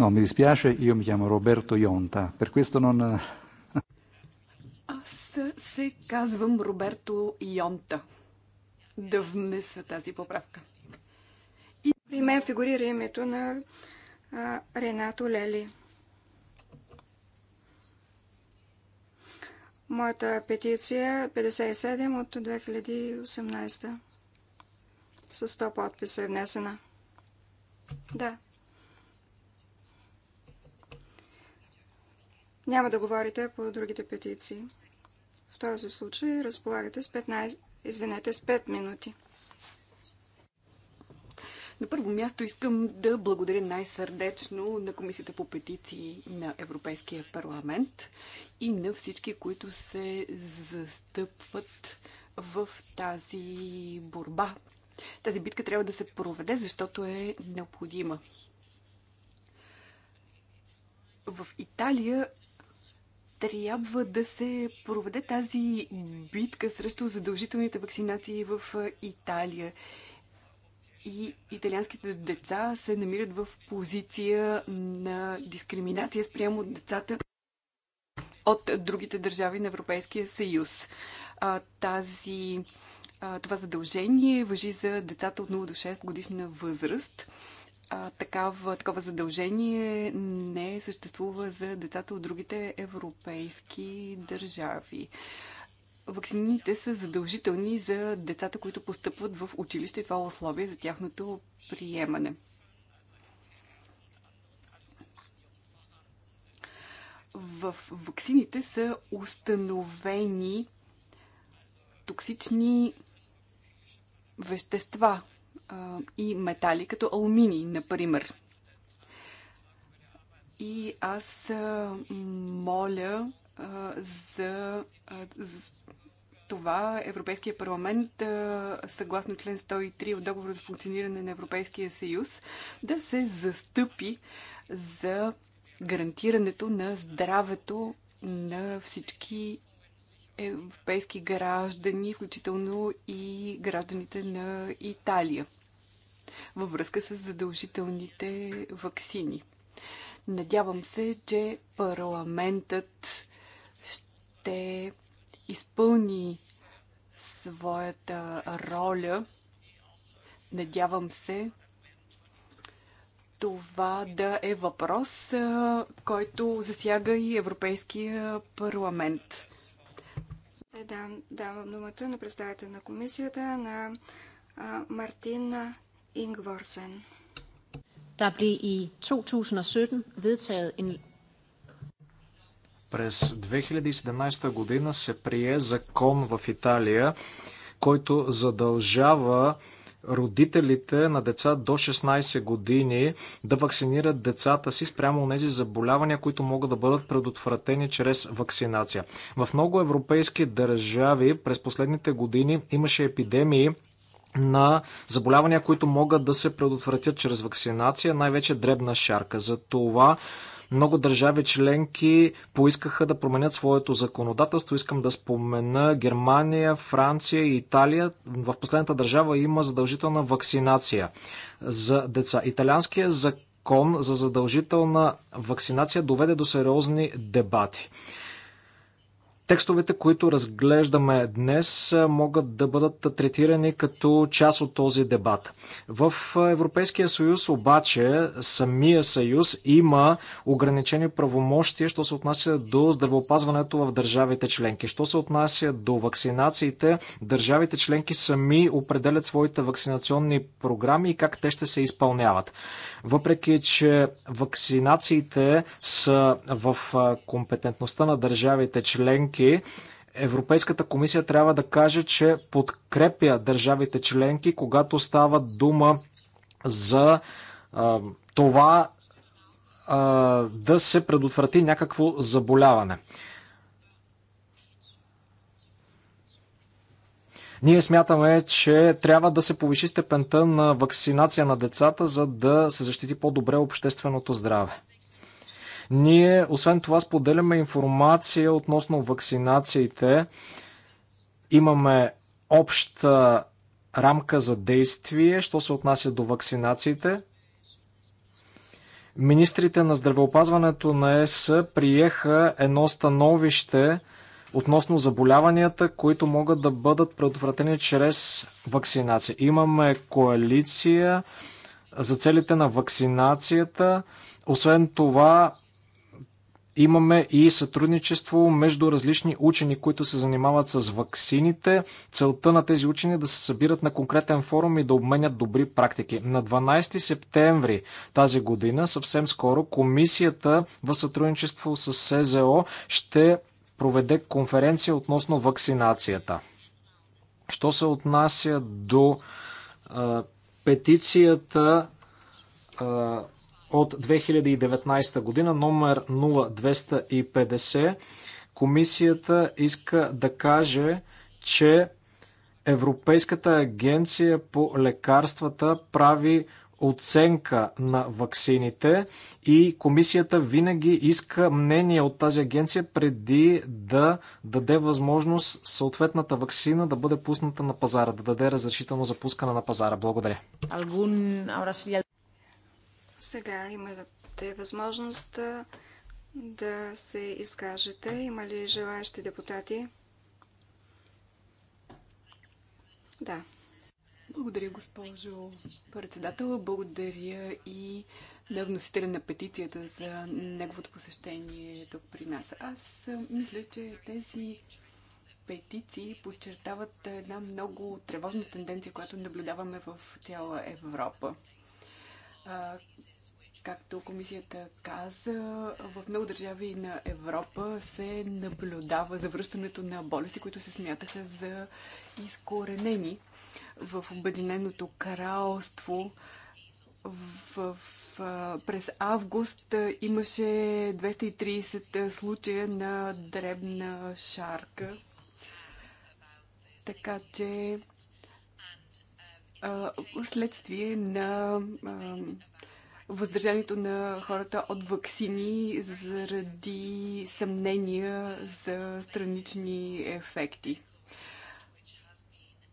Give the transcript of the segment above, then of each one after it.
No, mi dispiace, io mi chiamo Roberto Ionta, per questo non... Аз се казвам Роберто Йонта. Да внеса тази поправка. И при мен фигурира името на а, Ренато Лели. Моята петиция 57 е от 2018 с 100 подписа е внесена. Да. няма да говорите по другите петиции. В този случай разполагате с 15, извинете, с 5 минути. На първо място искам да благодаря най-сърдечно на Комисията по петиции на Европейския парламент и на всички, които се застъпват в тази борба. Тази битка трябва да се проведе, защото е необходима. В Италия трябва да се проведе тази битка срещу задължителните вакцинации в Италия. И италианските деца се намират в позиция на дискриминация спрямо от децата от другите държави на Европейския съюз. Тази, това задължение въжи за децата от 0 до 6 годишна възраст а, такава, такова задължение не съществува за децата от другите европейски държави. Ваксините са задължителни за децата, които постъпват в училище и това е условие за тяхното приемане. В ваксините са установени токсични вещества, а, и метали, като алуминий, например. И аз а, моля а, за, а, за това Европейския парламент, съгласно член 103 от договора за функциониране на Европейския съюз, да се застъпи за гарантирането на здравето на всички европейски граждани, включително и гражданите на Италия във връзка с задължителните ваксини. Надявам се, че парламентът ще изпълни своята роля. Надявам се това да е въпрос, който засяга и Европейския парламент. Да, давам думата на представител на комисията, на Мартина. Ingvorsen. Der blev i 2017 vedtaget en през 2017 година се прие закон в Италия, който задължава родителите на деца до 16 години да вакцинират децата си спрямо тези заболявания, които могат да бъдат предотвратени чрез вакцинация. В много европейски държави през последните години имаше епидемии на заболявания, които могат да се предотвратят чрез вакцинация, най-вече дребна шарка. За това много държави членки поискаха да променят своето законодателство. Искам да спомена Германия, Франция и Италия. В последната държава има задължителна вакцинация за деца. Италианският закон за задължителна вакцинация доведе до сериозни дебати. Текстовете, които разглеждаме днес, могат да бъдат третирани като част от този дебат. В Европейския съюз обаче самия съюз има ограничени правомощия, що се отнася до здравеопазването в държавите членки. Що се отнася до вакцинациите, държавите членки сами определят своите вакцинационни програми и как те ще се изпълняват. Въпреки, че вакцинациите са в компетентността на държавите членки, Европейската комисия трябва да каже, че подкрепя държавите членки, когато става дума за а, това а, да се предотврати някакво заболяване. Ние смятаме, че трябва да се повиши степента на вакцинация на децата, за да се защити по-добре общественото здраве. Ние, освен това, споделяме информация относно вакцинациите. Имаме обща рамка за действие, що се отнася до вакцинациите. Министрите на здравеопазването на ЕС приеха едно становище относно заболяванията, които могат да бъдат предотвратени чрез вакцинация. Имаме коалиция за целите на вакцинацията. Освен това, имаме и сътрудничество между различни учени, които се занимават с ваксините. Целта на тези учени е да се събират на конкретен форум и да обменят добри практики. На 12 септември тази година, съвсем скоро, комисията в сътрудничество с СЗО ще проведе конференция относно вакцинацията. Що се отнася до а, петицията а, от 2019 година, номер 0250, комисията иска да каже, че Европейската агенция по лекарствата прави оценка на ваксините и комисията винаги иска мнение от тази агенция преди да даде възможност съответната вакцина да бъде пусната на пазара, да даде разрешително за пускане на пазара. Благодаря. Сега имате възможност да се изкажете. Има ли желаящи депутати? Да. Благодаря, госпожо председател. Благодаря и на вносителя на петицията за неговото посещение тук при нас. Аз мисля, че тези петиции подчертават една много тревожна тенденция, която наблюдаваме в цяла Европа. Както комисията каза, в много държави на Европа се наблюдава завръщането на болести, които се смятаха за изкоренени в Обединеното кралство в, в, през август имаше 230 случая на дребна шарка. Така че а, следствие на а, въздържанието на хората от вакцини заради съмнения за странични ефекти.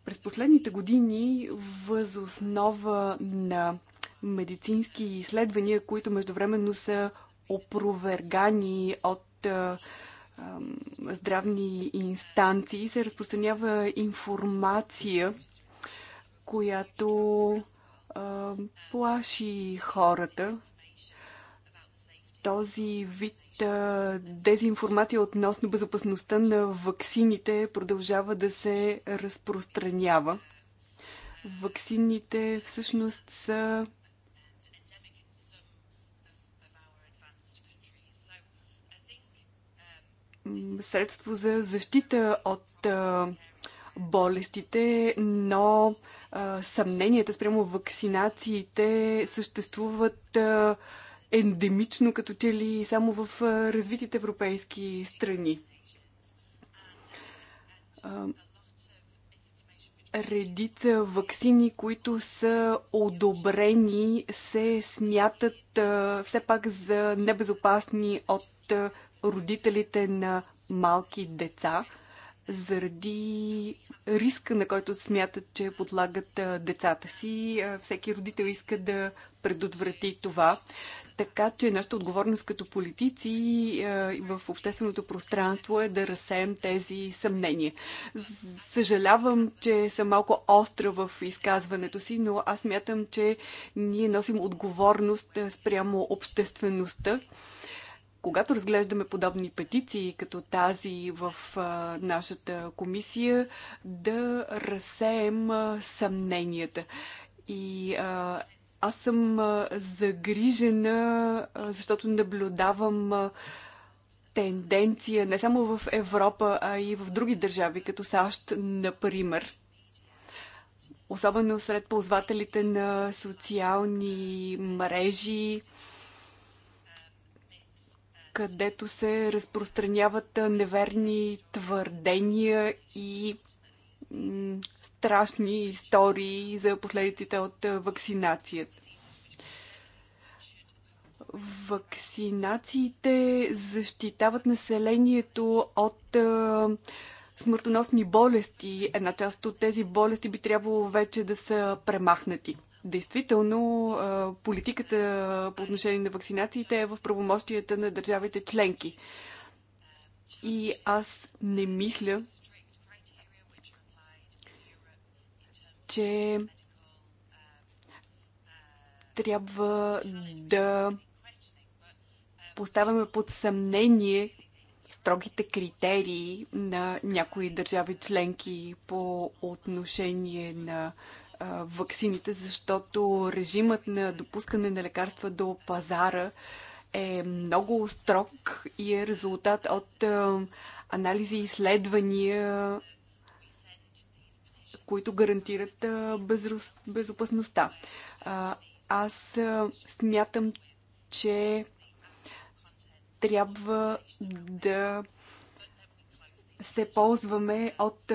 През последните години, въз основа на медицински изследвания, които междувременно са опровергани от здравни инстанции, се разпространява информация, която плаши хората. Този вид дезинформация относно безопасността на ваксините продължава да се разпространява. Ваксините всъщност са средство за защита от болестите, но съмненията спрямо вакцинациите съществуват ендемично, като че ли само в развитите европейски страни. Редица вакцини, които са одобрени, се смятат все пак за небезопасни от родителите на малки деца заради риска, на който смятат, че подлагат децата си. Всеки родител иска да предотврати това. Така че нашата отговорност като политици е, в общественото пространство е да разсеем тези съмнения. Съжалявам, че съм малко остра в изказването си, но аз мятам, че ние носим отговорност е, спрямо обществеността когато разглеждаме подобни петиции, като тази в а, е, нашата комисия, да разсеем а, съмненията. И а, аз съм загрижена, защото наблюдавам тенденция не само в Европа, а и в други държави, като САЩ, например. Особено сред ползвателите на социални мрежи, където се разпространяват неверни твърдения и страшни истории за последиците от вакцинацията. Вакцинациите защитават населението от смъртоносни болести. Една част от тези болести би трябвало вече да са премахнати. Действително, политиката по отношение на вакцинациите е в правомощията на държавите членки. И аз не мисля, че трябва да поставяме под съмнение строгите критерии на някои държави членки по отношение на ваксините, защото режимът на допускане на лекарства до пазара е много строг и е резултат от анализи и изследвания които гарантират безрус, безопасността. Аз смятам, че трябва да се ползваме от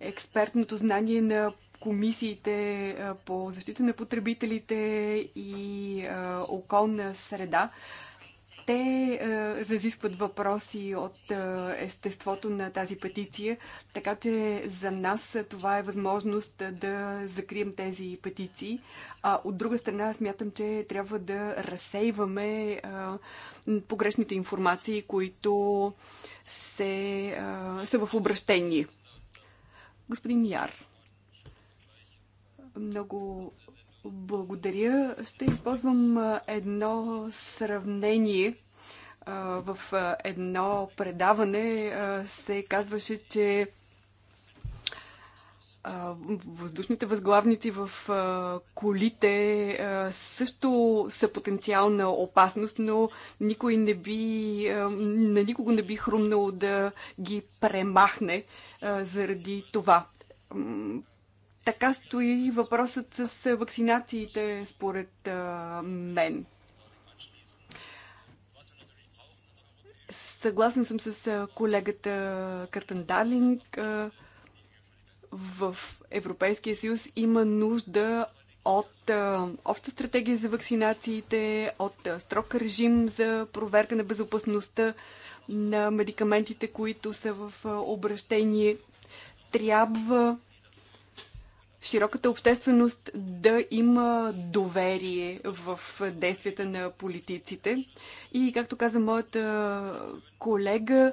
експертното знание на комисиите по защита на потребителите и околна среда, те е, разискват въпроси от е, естеството на тази петиция, така че за нас това е възможност да закрием тези петиции. А от друга страна, смятам, че трябва да разсейваме е, погрешните информации, които се, са в обращение. Господин Яр, много благодаря. Ще използвам едно сравнение. В едно предаване се казваше, че въздушните възглавници в колите също са потенциална опасност, но никой не би, на никого не би хрумнало да ги премахне заради това така стои въпросът с вакцинациите, според мен. Съгласен съм с колегата Картан Дарлинг. В Европейския съюз има нужда от обща стратегия за вакцинациите, от строг режим за проверка на безопасността на медикаментите, които са в обращение. Трябва широката общественост да има доверие в действията на политиците. И, както каза моята колега,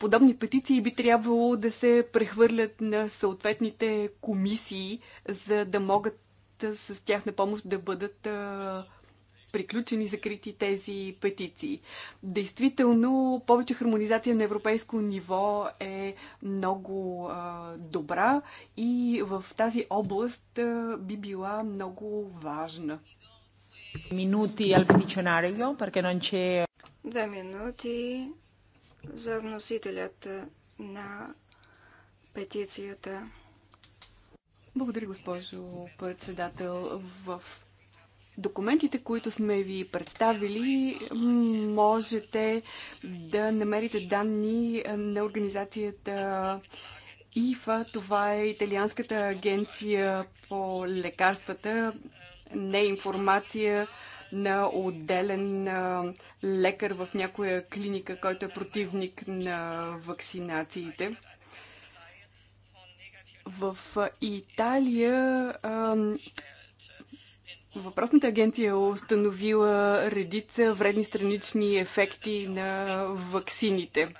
подобни петиции би трябвало да се прехвърлят на съответните комисии, за да могат с тях на помощ да бъдат приключени, закрити тези петиции. Действително, повече хармонизация на европейско ниво е много а, добра и в тази област а, би била много важна. Минути ал петиционарио, perché non c'è... Две минути за вносителят на петицията. Благодаря, госпожо председател. В документите, които сме ви представили, можете да намерите данни на организацията ИФА. Това е Италианската агенция по лекарствата. Не е информация на отделен лекар в някоя клиника, който е противник на вакцинациите. В Италия Въпросната агенция е установила редица вредни странични ефекти на ваксините.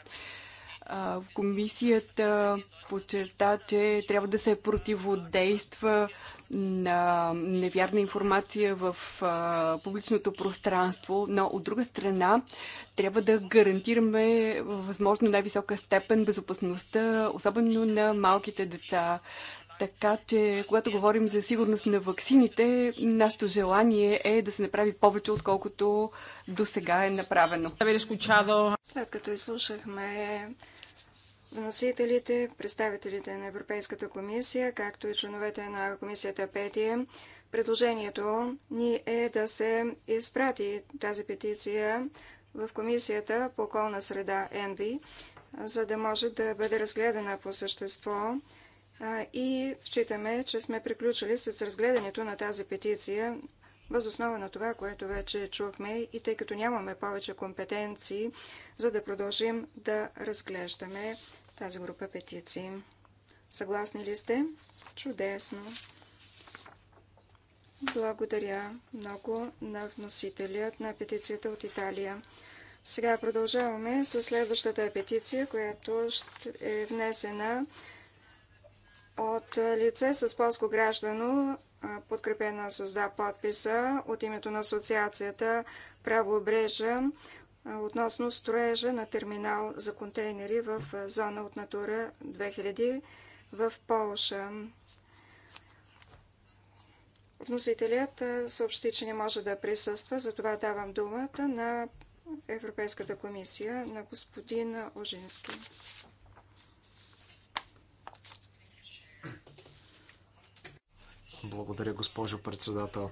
Комисията подчерта, че трябва да се противодейства на невярна информация в публичното пространство, но от друга страна трябва да гарантираме възможно най-висока степен безопасността, особено на малките деца. Така че, когато говорим за сигурност на ваксините, нашето желание е да се направи повече, отколкото до сега е направено. След като изслушахме вносителите, представителите на Европейската комисия, както и членовете на комисията Петия, предложението ни е да се изпрати тази петиция в комисията по околна среда ЕНВИ, за да може да бъде разгледана по същество и считаме, че сме приключили с разгледането на тази петиция Въз основа на това, което вече чухме и тъй като нямаме повече компетенции, за да продължим да разглеждаме тази група петиции. Съгласни ли сте? Чудесно! Благодаря много на вносителят на петицията от Италия. Сега продължаваме с следващата петиция, която е внесена от е, лице с полско граждано, е, подкрепена с два подписа от името на Асоциацията Правобрежа е, относно строежа на терминал за контейнери в зона от Натура 2000 в Полша. Вносителят съобщи, че не може да присъства, затова давам думата на Европейската комисия на господин Ожински. Благодаря, госпожо председател.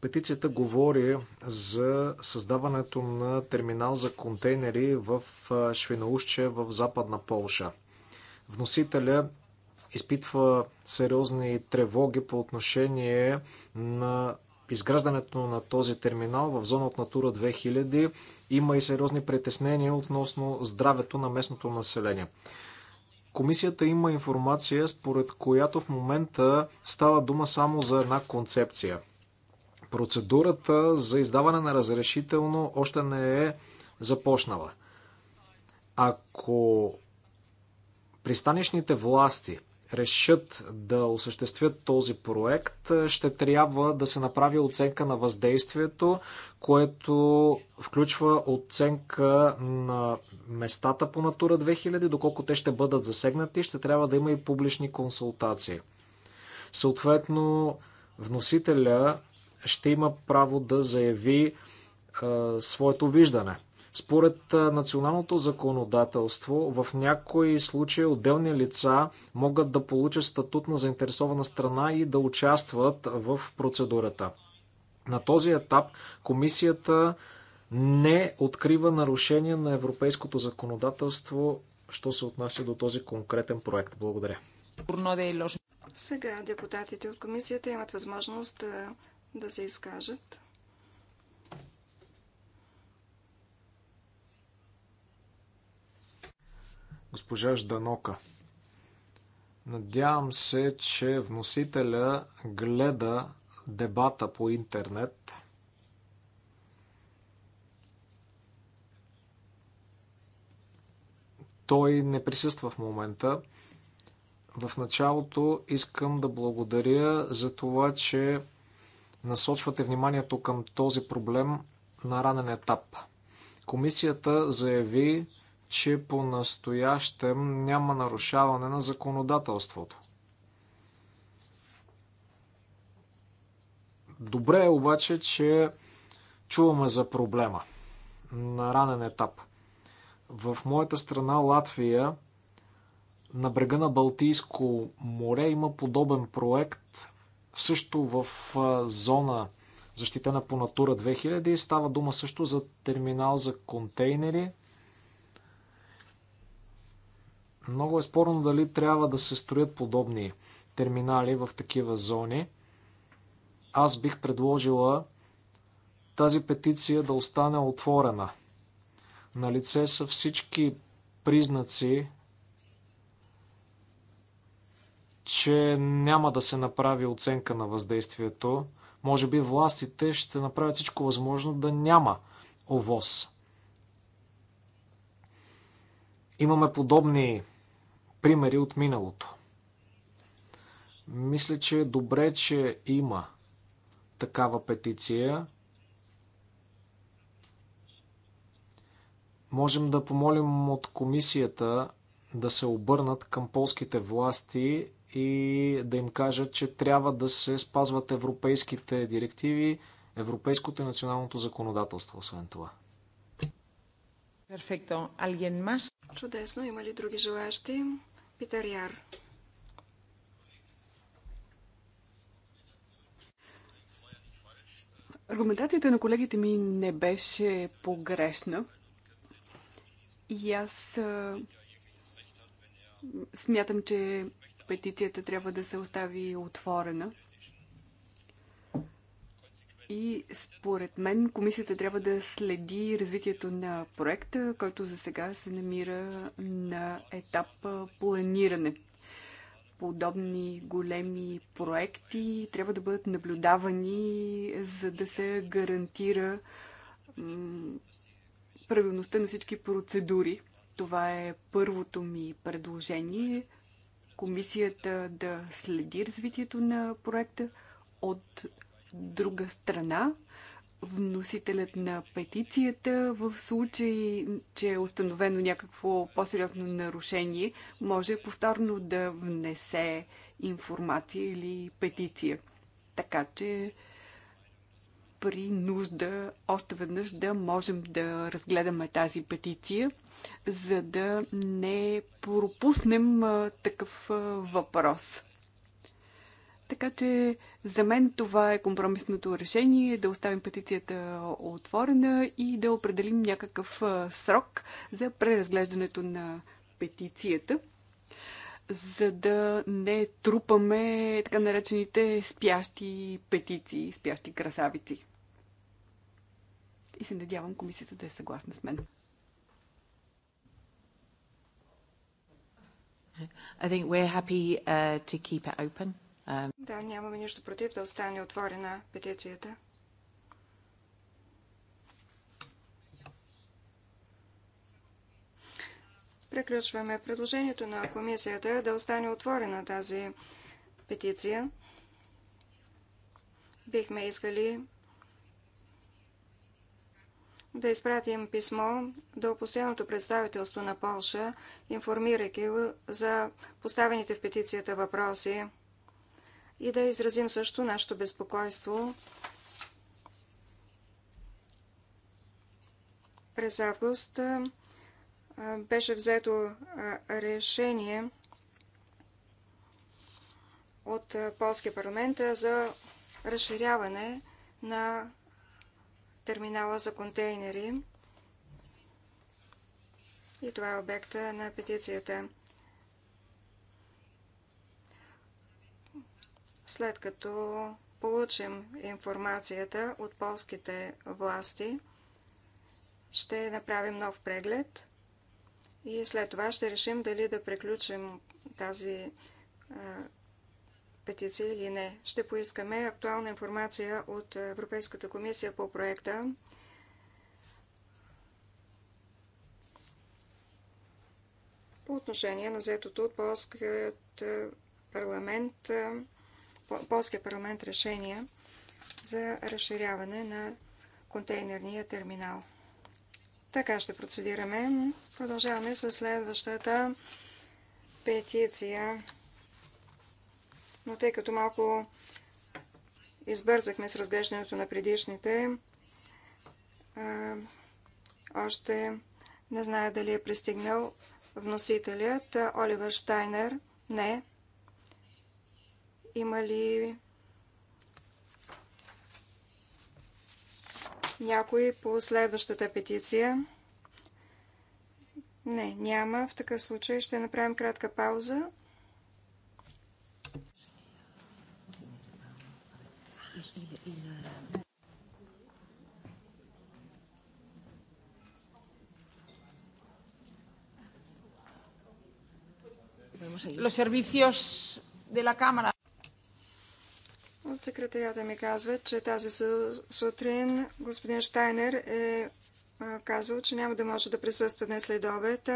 Петицията говори за създаването на терминал за контейнери в Швиноушче в Западна Полша. Вносителя изпитва сериозни тревоги по отношение на изграждането на този терминал в зона от Натура 2000. Има и сериозни притеснения относно здравето на местното население комисията има информация, според която в момента става дума само за една концепция. Процедурата за издаване на разрешително още не е започнала. Ако пристанищните власти решат да осъществят този проект, ще трябва да се направи оценка на въздействието, което включва оценка на местата по Натура 2000, доколко те ще бъдат засегнати, ще трябва да има и публични консултации. Съответно, вносителя ще има право да заяви е, своето виждане – според националното законодателство, в някои случаи отделни лица могат да получат статут на заинтересована страна и да участват в процедурата. На този етап комисията не открива нарушения на европейското законодателство, що се отнася до този конкретен проект. Благодаря. Сега депутатите от комисията имат възможност да, да се изкажат. госпожа Жданока. Надявам се, че вносителя гледа дебата по интернет. Той не присъства в момента. В началото искам да благодаря за това, че насочвате вниманието към този проблем на ранен етап. Комисията заяви, че по-настоящем няма нарушаване на законодателството. Добре е обаче, че чуваме за проблема на ранен етап. В моята страна Латвия на брега на Балтийско море има подобен проект също в зона защитена по Натура 2000 и става дума също за терминал за контейнери – много е спорно дали трябва да се строят подобни терминали в такива зони. Аз бих предложила тази петиция да остане отворена. На лице са всички признаци, че няма да се направи оценка на въздействието. Може би властите ще направят всичко възможно да няма овоз. Имаме подобни примери от миналото. Мисля, че е добре, че има такава петиция. Можем да помолим от комисията да се обърнат към полските власти и да им кажат, че трябва да се спазват европейските директиви, европейското и националното законодателство, освен това. Перфекто. Алген маш? Чудесно. Има ли други желаящи? Питър Яр. Аргументацията на колегите ми не беше погрешна. И аз смятам, че петицията трябва да се остави отворена. И според мен комисията трябва да следи развитието на проекта, който за сега се намира на етап планиране. Подобни големи проекти трябва да бъдат наблюдавани, за да се гарантира правилността на всички процедури. Това е първото ми предложение. Комисията да следи развитието на проекта от друга страна, вносителят на петицията в случай, че е установено някакво по-сериозно нарушение, може повторно да внесе информация или петиция. Така че при нужда още веднъж да можем да разгледаме тази петиция, за да не пропуснем такъв въпрос. Така че за мен това е компромисното решение да оставим петицията отворена и да определим някакъв срок за преразглеждането на петицията, за да не трупаме така наречените спящи петиции, спящи красавици. И се надявам комисията да е съгласна с мен. I think we're happy uh, to keep it open. Да, нямаме нищо против да остане отворена петицията. Приключваме предложението на комисията да остане отворена тази петиция. Бихме искали да изпратим писмо до постоянното представителство на Полша, информирайки за поставените в петицията въпроси и да изразим също нашето безпокойство през август беше взето решение от Полския парламент за разширяване на терминала за контейнери. И това е обекта на петицията. След като получим информацията от полските власти, ще направим нов преглед и след това ще решим дали да приключим тази а, петиция или не. Ще поискаме актуална информация от Европейската комисия по проекта. По отношение на взетото от полският парламент полския парламент решение за разширяване на контейнерния терминал. Така ще процедираме. Продължаваме с следващата петиция. Но тъй като малко избързахме с разглеждането на предишните, още не зная дали е пристигнал вносителят Оливер Штайнер. Не. Има ли някой по следващата петиция? Не, няма. В такъв случай ще направим кратка пауза. Los servicios de la Cámara. Секретарията ми казва, че тази сутрин господин Штайнер е казал, че няма да може да присъства днес след обед.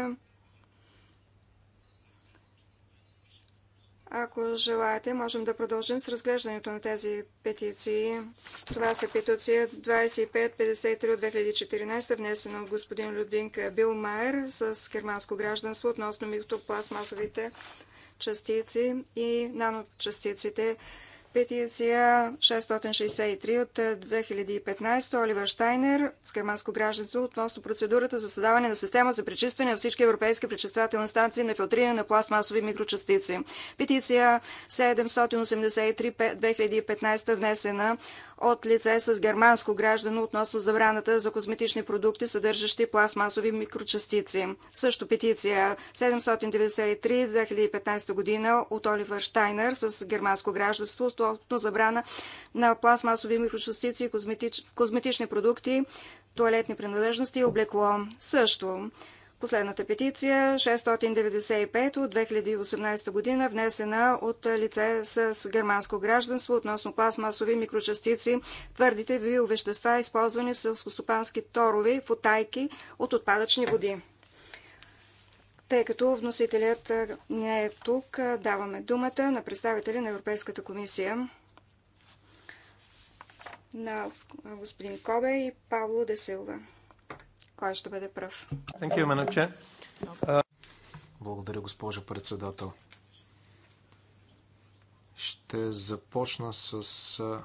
Ако желаете, можем да продължим с разглеждането на тези петиции. Това са петиция 2553 от 2014, внесена от господин Людвинг Майер с германско гражданство относно митопластмасовите частици и наночастиците петиция 663 от 2015 е, Оливер Штайнер с германско гражданство относно процедурата за създаване на система за пречистване на всички европейски пречиствателни станции на филтриране на пластмасови микрочастици. Петиция 783 2015 внесена от лице с германско граждано относно забраната за козметични продукти, съдържащи пластмасови микрочастици. Също петиция 793-2015 година от Оливър Штайнер с германско гражданство относно забрана на пластмасови микрочастици и козметич... козметични продукти, туалетни принадлежности и облекло. Също Последната петиция 695 от 2018 година, внесена от лице с германско гражданство относно пластмасови микрочастици, твърдите биовещества, използвани в селскостопански торове футайки от отпадъчни води. Тъй като вносителят не е тук, даваме думата на представители на Европейската комисия на господин Кобе и Павло Десилва. Кой ще бъде пръв? You, Благодаря, госпожо председател. Ще започна с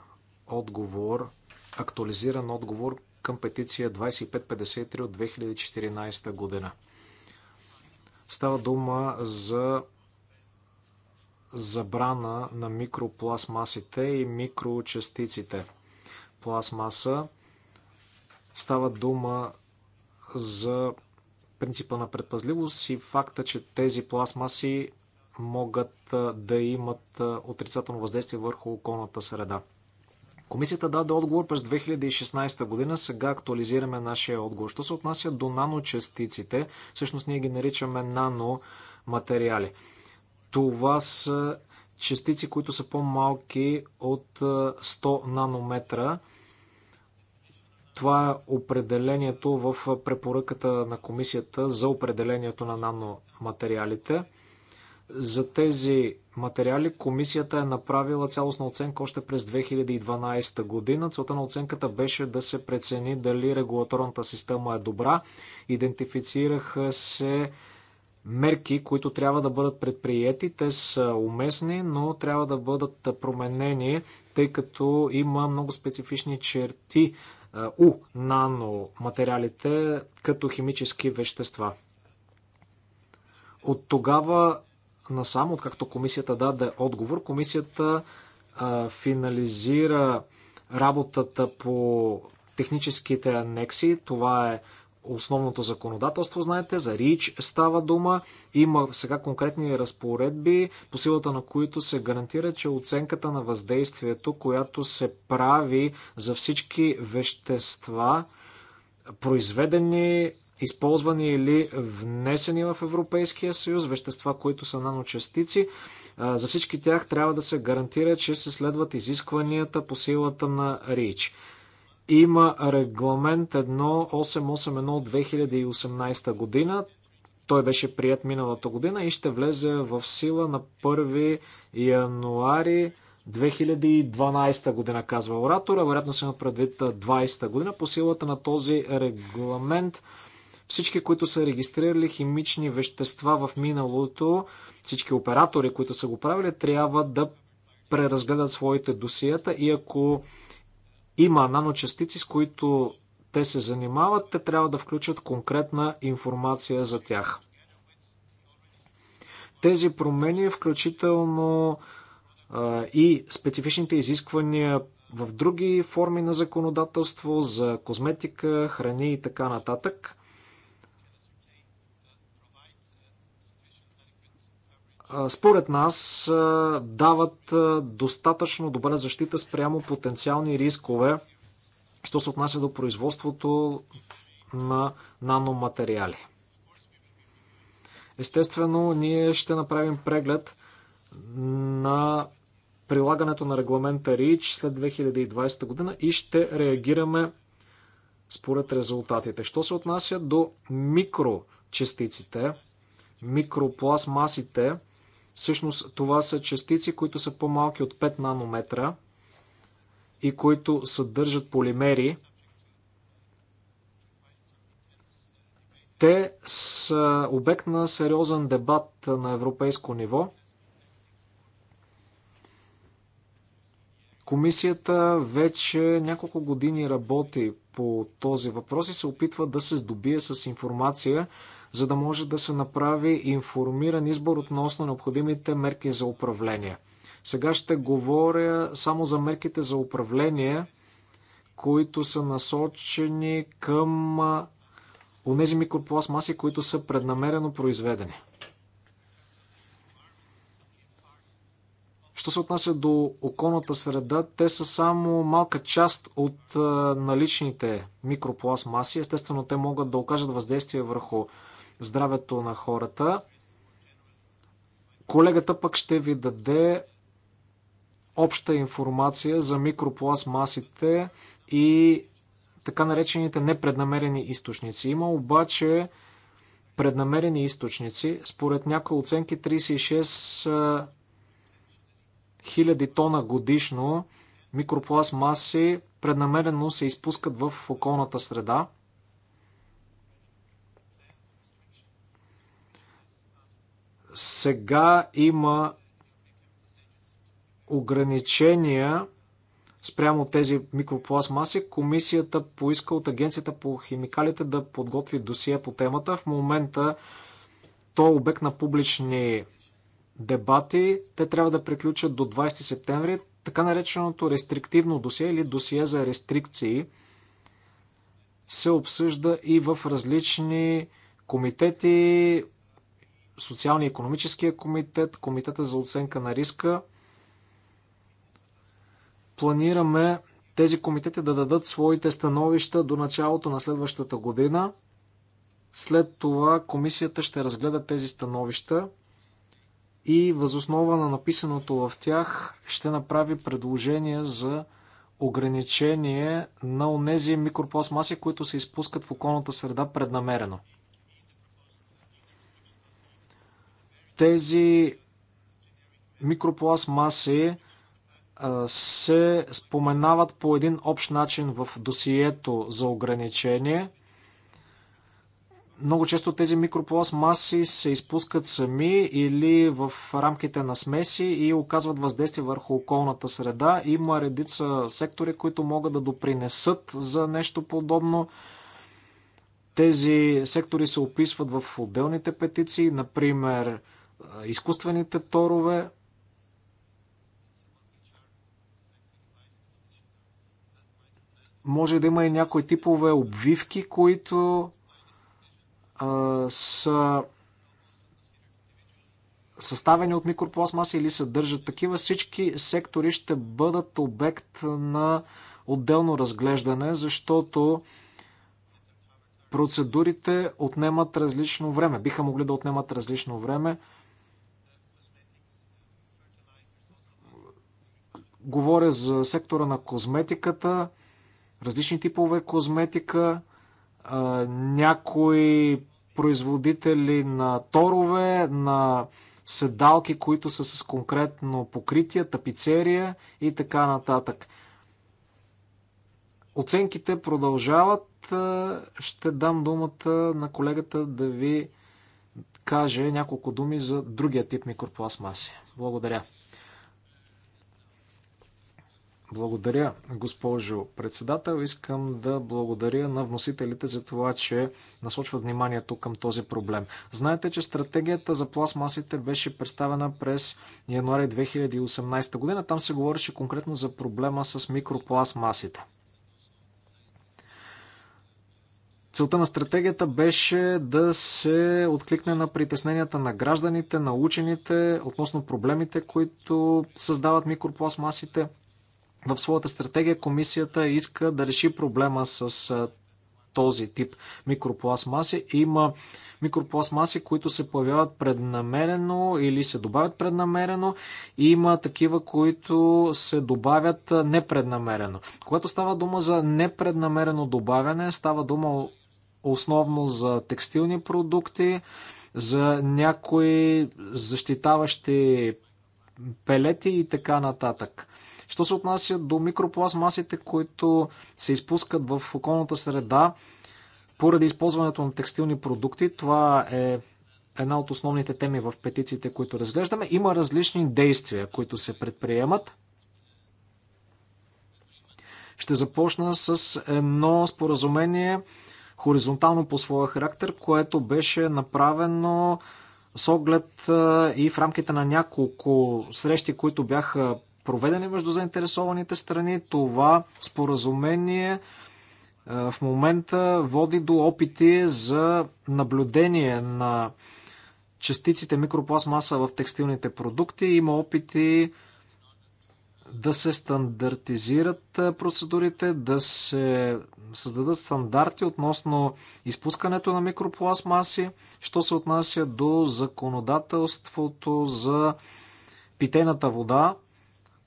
отговор, актуализиран отговор към петиция 2553 от 2014 година. Става дума за забрана на микропластмасите и микрочастиците. Пластмаса става дума за принципа на предпазливост и факта, че тези пластмаси могат да имат отрицателно въздействие върху околната среда. Комисията даде отговор през 2016 година, сега актуализираме нашия отговор. Що се отнася до наночастиците, всъщност ние ги наричаме наноматериали. Това са частици, които са по-малки от 100 нанометра – това е определението в препоръката на комисията за определението на наноматериалите. За тези материали комисията е направила цялостна оценка още през 2012 година. Целта на оценката беше да се прецени дали регулаторната система е добра. Идентифицираха се мерки, които трябва да бъдат предприяти. Те са уместни, но трябва да бъдат променени, тъй като има много специфични черти е, у наноматериалите като химически вещества. От тогава насам, откакто комисията даде отговор, комисията е, финализира работата по техническите анекси. Това е основното законодателство, знаете, за РИЧ става дума. Има сега конкретни разпоредби, по силата на които се гарантира, че оценката на въздействието, която се прави за всички вещества, произведени, използвани или внесени в Европейския съюз, вещества, които са наночастици, за всички тях трябва да се гарантира, че се следват изискванията по силата на РИЧ. Има регламент 1881 2018 година. Той беше прият миналата година и ще влезе в сила на 1 януари 2012 година, казва оратора. Вероятно се има предвид 20 година. По силата на този регламент всички, които са регистрирали химични вещества в миналото, всички оператори, които са го правили, трябва да преразгледат своите досията и ако има наночастици, с които те се занимават, те трябва да включат конкретна информация за тях. Тези промени, включително а, и специфичните изисквания в други форми на законодателство, за козметика, храни и така нататък, според нас дават достатъчно добра защита спрямо потенциални рискове, що се отнася до производството на наноматериали. Естествено, ние ще направим преглед на прилагането на регламента РИЧ след 2020 година и ще реагираме според резултатите. Що се отнася до микрочастиците, микропластмасите, Всъщност това са частици, които са по-малки от 5 нанометра и които съдържат полимери. Те са обект на сериозен дебат на европейско ниво. Комисията вече няколко години работи по този въпрос и се опитва да се здобие с информация, за да може да се направи информиран избор относно необходимите мерки за управление. Сега ще говоря само за мерките за управление, които са насочени към онези микропластмаси, които са преднамерено произведени. Що се отнася до околната среда, те са само малка част от наличните микропластмаси. Естествено, те могат да окажат въздействие върху здравето на хората. Колегата пък ще ви даде обща информация за микропластмасите и така наречените непреднамерени източници. Има обаче преднамерени източници. Според някои оценки 36 000 тона годишно микропластмаси преднамерено се изпускат в околната среда. сега има ограничения спрямо тези микропластмаси. Комисията поиска от Агенцията по химикалите да подготви досие по темата. В момента то е обект на публични дебати. Те трябва да приключат до 20 септември. Така нареченото рестриктивно досие или досие за рестрикции се обсъжда и в различни комитети, социалния и економическия комитет, комитета за оценка на риска. Планираме тези комитети да дадат своите становища до началото на следващата година. След това комисията ще разгледа тези становища и възоснова на написаното в тях ще направи предложение за ограничение на онези микропластмаси, които се изпускат в околната среда преднамерено. Тези микропластмаси се споменават по един общ начин в досието за ограничение. Много често тези микропластмаси се изпускат сами или в рамките на смеси и оказват въздействие върху околната среда. Има редица сектори, които могат да допринесат за нещо подобно. Тези сектори се описват в отделните петиции, например изкуствените торове. Може да има и някои типове обвивки, които а, са съставени от микропластмаса или съдържат такива. Всички сектори ще бъдат обект на отделно разглеждане, защото процедурите отнемат различно време. Биха могли да отнемат различно време. Говоря за сектора на козметиката, различни типове козметика, някои производители на торове, на седалки, които са с конкретно покритие, тапицерия и така нататък. Оценките продължават. Ще дам думата на колегата да ви каже няколко думи за другия тип микропластмаси. Благодаря. Благодаря, госпожо председател. Искам да благодаря на вносителите за това, че насочват вниманието към този проблем. Знаете, че стратегията за пластмасите беше представена през януари 2018 година. Там се говореше конкретно за проблема с микропластмасите. Целта на стратегията беше да се откликне на притесненията на гражданите, на учените относно проблемите, които създават микропластмасите. В своята стратегия комисията иска да реши проблема с този тип микропластмаси. Има микропластмаси, които се появяват преднамерено или се добавят преднамерено и има такива, които се добавят непреднамерено. Когато става дума за непреднамерено добавяне, става дума основно за текстилни продукти, за някои защитаващи пелети и така нататък. Що се отнася до микропластмасите, които се изпускат в околната среда поради използването на текстилни продукти, това е една от основните теми в петициите, които разглеждаме. Има различни действия, които се предприемат. Ще започна с едно споразумение, хоризонтално по своя характер, което беше направено с оглед и в рамките на няколко срещи, които бяха проведени между заинтересованите страни. Това споразумение е, в момента води до опити за наблюдение на частиците микропластмаса в текстилните продукти. Има опити да се стандартизират е, процедурите, да се създадат стандарти относно изпускането на микропластмаси, що се отнася до законодателството за питейната вода.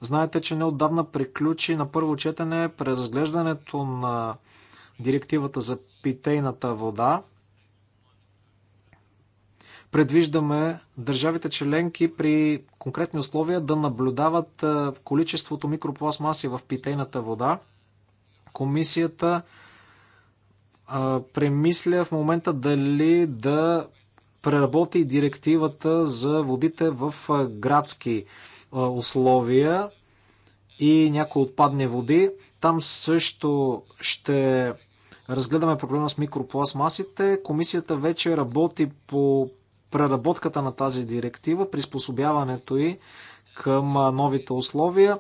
Знаете, че неотдавна приключи на първо четене преразглеждането на директивата за питейната вода. Предвиждаме държавите членки при конкретни условия да наблюдават е, количеството микропластмаси в питейната вода. Комисията е, премисля в момента дали да преработи директивата за водите в е, градски условия и някои отпадни води. Там също ще разгледаме проблема с микропластмасите. Комисията вече работи по преработката на тази директива, приспособяването и към новите условия.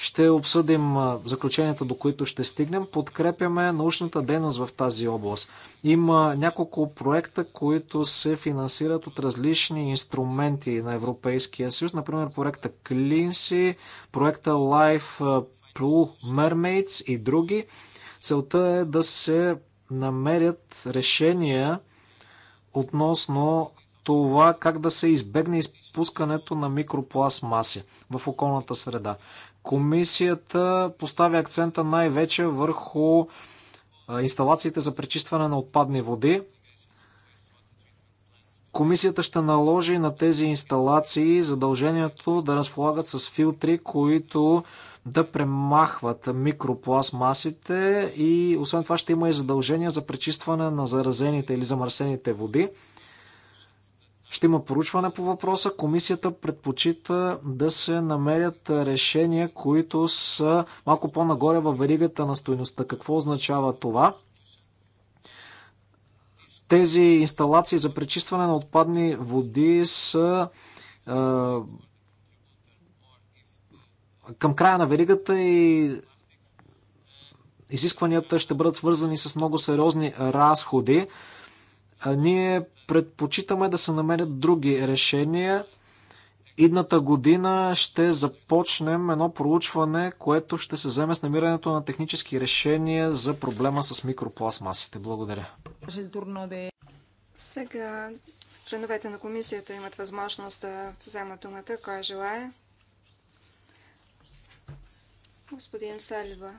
Ще обсъдим заключенията, до които ще стигнем. Подкрепяме научната дейност в тази област. Има няколко проекта, които се финансират от различни инструменти на Европейския съюз. Например, проекта Клинси, проекта Life Pro Mermaids и други. Целта е да се намерят решения относно това как да се избегне изпускането на микропластмаси в околната среда. Комисията поставя акцента най-вече върху инсталациите за пречистване на отпадни води. Комисията ще наложи на тези инсталации задължението да разполагат с филтри, които да премахват микропластмасите и освен това ще има и задължения за пречистване на заразените или замърсените води. Ще има поручване по въпроса. Комисията предпочита да се намерят решения, които са малко по-нагоре във веригата на стоеността. Какво означава това? Тези инсталации за пречистване на отпадни води са е, към края на веригата и изискванията ще бъдат свързани с много сериозни разходи. А ние предпочитаме да се намерят други решения. Идната година ще започнем едно проучване, което ще се вземе с намирането на технически решения за проблема с микропластмасите. Благодаря. Сега членовете на комисията имат възможност да вземат думата, кой желая. Господин Салива.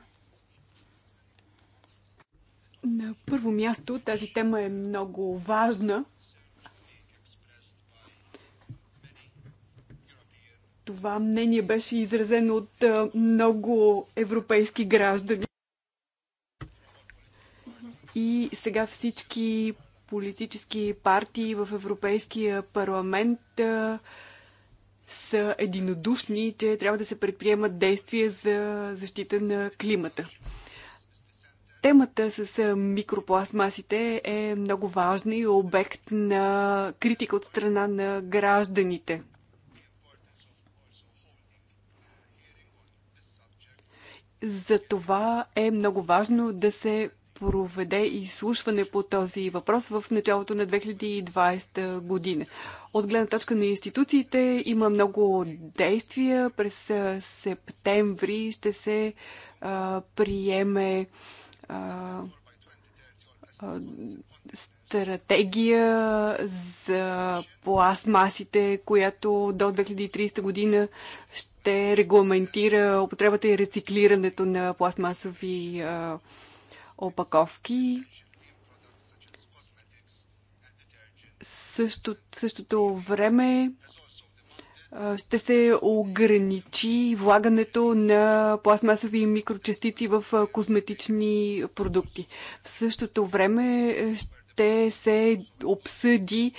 На първо място тази тема е много важна. Това мнение беше изразено от много европейски граждани. И сега всички политически партии в Европейския парламент са единодушни, че трябва да се предприемат действия за защита на климата. Темата с микропластмасите е много важна и обект на критика от страна на гражданите. Затова е много важно да се проведе изслушване по този въпрос в началото на 2020 година. От гледна точка на институциите има много действия. През септември ще се а, приеме стратегия за пластмасите, която до 2030 година ще регламентира употребата и рециклирането на пластмасови опаковки. Също, в същото време ще се ограничи влагането на пластмасови микрочастици в козметични продукти. В същото време е, ще се обсъди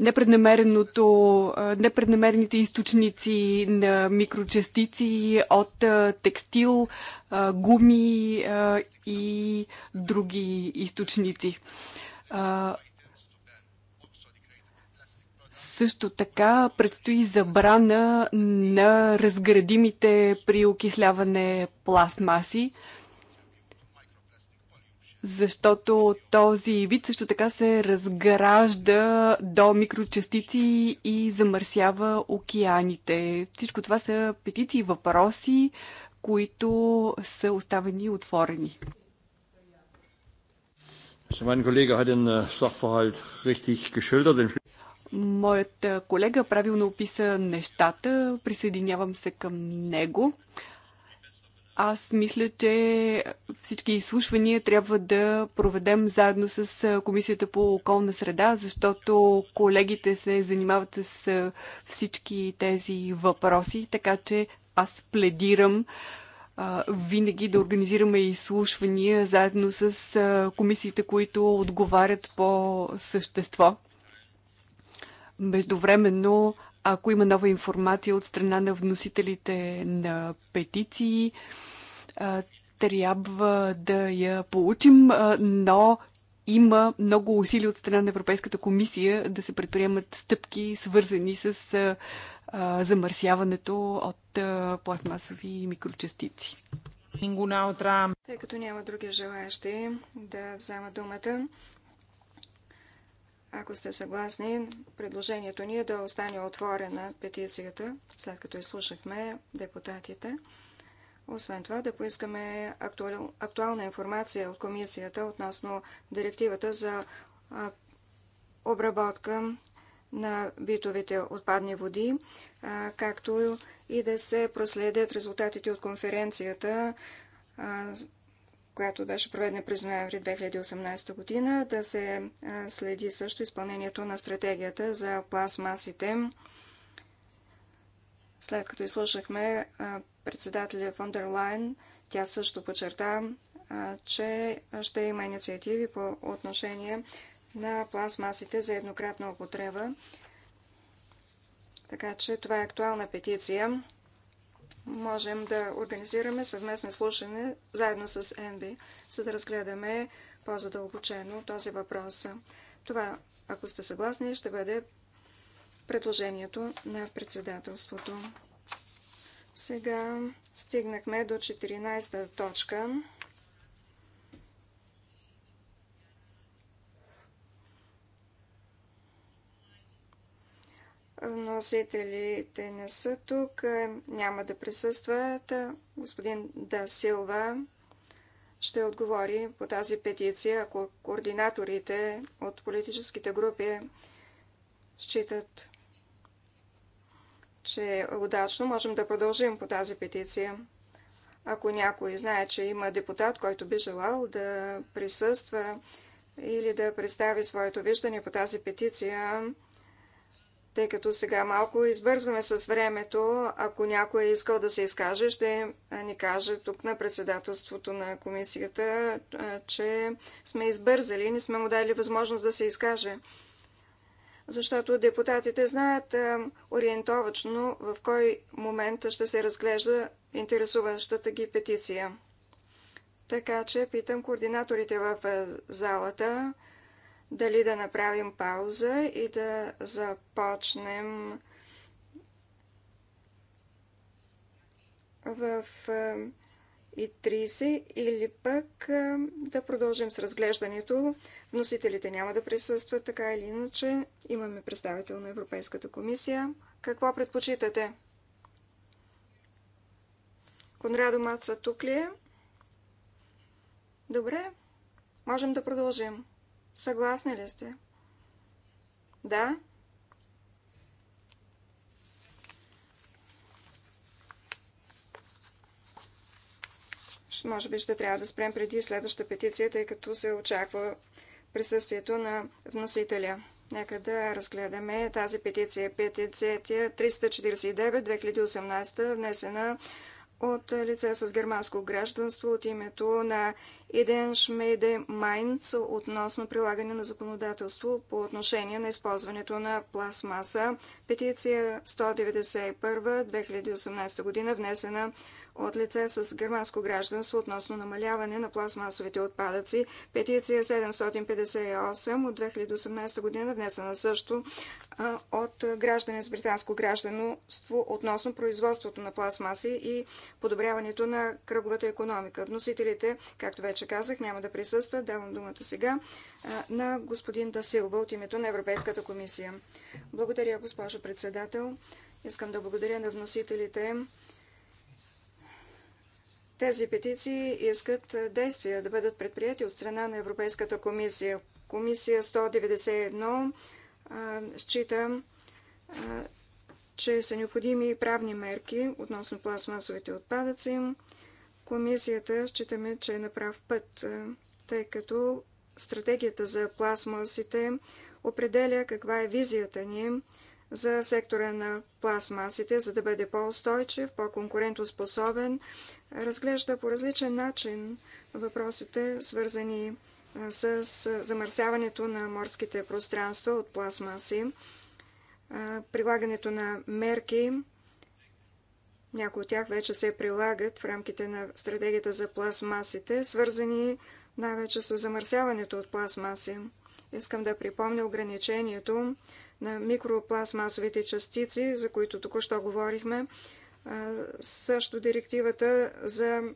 непреднамерените източници на микрочастици от текстил, гуми и други източници също така предстои забрана на разградимите при окисляване пластмаси, защото този вид също така се разгражда до микрочастици и замърсява океаните. Всичко това са петиции и въпроси, които са оставени отворени. Mein Kollege hat den Sachverhalt richtig geschildert. Моят колега правилно описа нещата. Присъединявам се към него. Аз мисля, че всички изслушвания трябва да проведем заедно с Комисията по околна среда, защото колегите се занимават с всички тези въпроси, така че аз пледирам винаги да организираме изслушвания заедно с комисиите, които отговарят по същество. Междувременно, ако има нова информация от страна на вносителите на петиции, трябва да я получим, но има много усилия от страна на Европейската комисия да се предприемат стъпки, свързани с замърсяването от пластмасови микрочастици. Тъй като няма други желаящи да взема думата, ако сте съгласни, предложението ни е да остане отворена петицията, след като изслушахме депутатите. Освен това, да поискаме актуал, актуална информация от комисията относно директивата за обработка на битовите отпадни води, както и да се проследят резултатите от конференцията която беше проведена през ноември 2018 година, да се следи също изпълнението на стратегията за пластмасите. След като изслушахме председателя Фондерлайн, тя също подчерта, че ще има инициативи по отношение на пластмасите за еднократна употреба. Така че това е актуална петиция можем да организираме съвместно слушане заедно с ЕМБИ, за да разгледаме по-задълбочено този въпрос. Това, ако сте съгласни, ще бъде предложението на председателството. Сега стигнахме до 14-та точка. Носителите не са тук, е, няма да присъстват. Господин Да Силва ще отговори по тази петиция, ако координаторите от политическите групи считат, че е удачно, можем да продължим по тази петиция. Ако някой знае, че има депутат, който би желал да присъства или да представи своето виждане по тази петиция, тъй като сега малко избързваме с времето. Ако някой е искал да се изкаже, ще ни каже тук на председателството на комисията, че сме избързали, не сме му дали възможност да се изкаже. Защото депутатите знаят ориентовачно в кой момент ще се разглежда интересуващата ги петиция. Така че питам координаторите в залата, дали да направим пауза и да започнем в и 30 или пък да продължим с разглеждането. Вносителите няма да присъстват, така или иначе. Имаме представител на Европейската комисия. Какво предпочитате? Конрадо Маца тук ли е? Добре, можем да продължим. Съгласни ли сте? Да? Може би ще трябва да спрем преди следващата петиция, тъй като се очаква присъствието на вносителя. Нека да разгледаме тази петиция. Петиция 349-2018, внесена от лице с германско гражданство от името на Иден Шмейде Майнц относно прилагане на законодателство по отношение на използването на пластмаса. Петиция 191-2018 година, внесена от лице с германско гражданство относно намаляване на пластмасовите отпадъци. Петиция 758 от 2018 година, внесена също от граждане с британско гражданство относно производството на пластмаси и подобряването на кръговата економика. Вносителите, както вече казах, няма да присъстват. Давам думата сега на господин Дасилба от името на Европейската комисия. Благодаря, госпожо председател. Искам да благодаря на вносителите тези петиции искат е, действия да бъдат предприяти от страна на Европейската комисия. Комисия 191 счита, че са необходими правни мерки относно пластмасовите отпадъци. Комисията считаме, че е на прав път, е, тъй като стратегията за пластмасите определя каква е визията ни за сектора на пластмасите, за да бъде по-устойчив, по-конкурентоспособен, разглежда по различен начин въпросите, свързани с замърсяването на морските пространства от пластмаси, прилагането на мерки. Някои от тях вече се прилагат в рамките на стратегията за пластмасите, свързани най-вече с замърсяването от пластмаси. Искам да припомня ограничението на микропластмасовите частици, за които току-що говорихме, също директивата за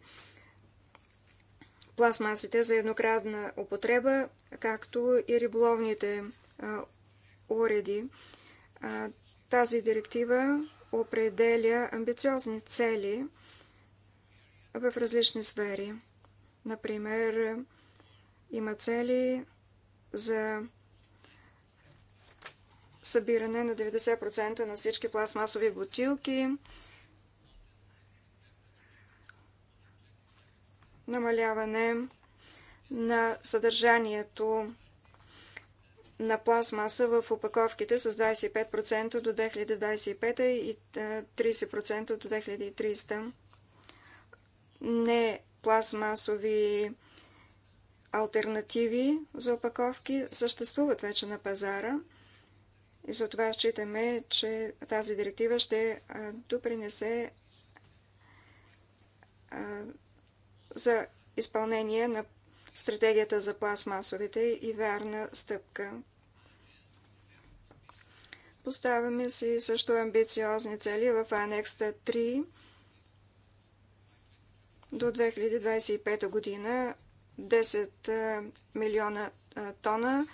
пластмасите за еднократна употреба, както и риболовните уреди. Тази директива определя амбициозни цели в различни сфери. Например, има цели за събиране на 90% на всички пластмасови бутилки, намаляване на съдържанието на пластмаса в опаковките с 25% до 2025 и 30% е, до 2300. Не пластмасови альтернативи за опаковки съществуват вече на пазара. И затова считаме, че тази директива ще е, допринесе е, за изпълнение на стратегията за пластмасовите и вярна стъпка. Поставяме си също амбициозни цели в анекста 3 до 2025 година 10 милиона тона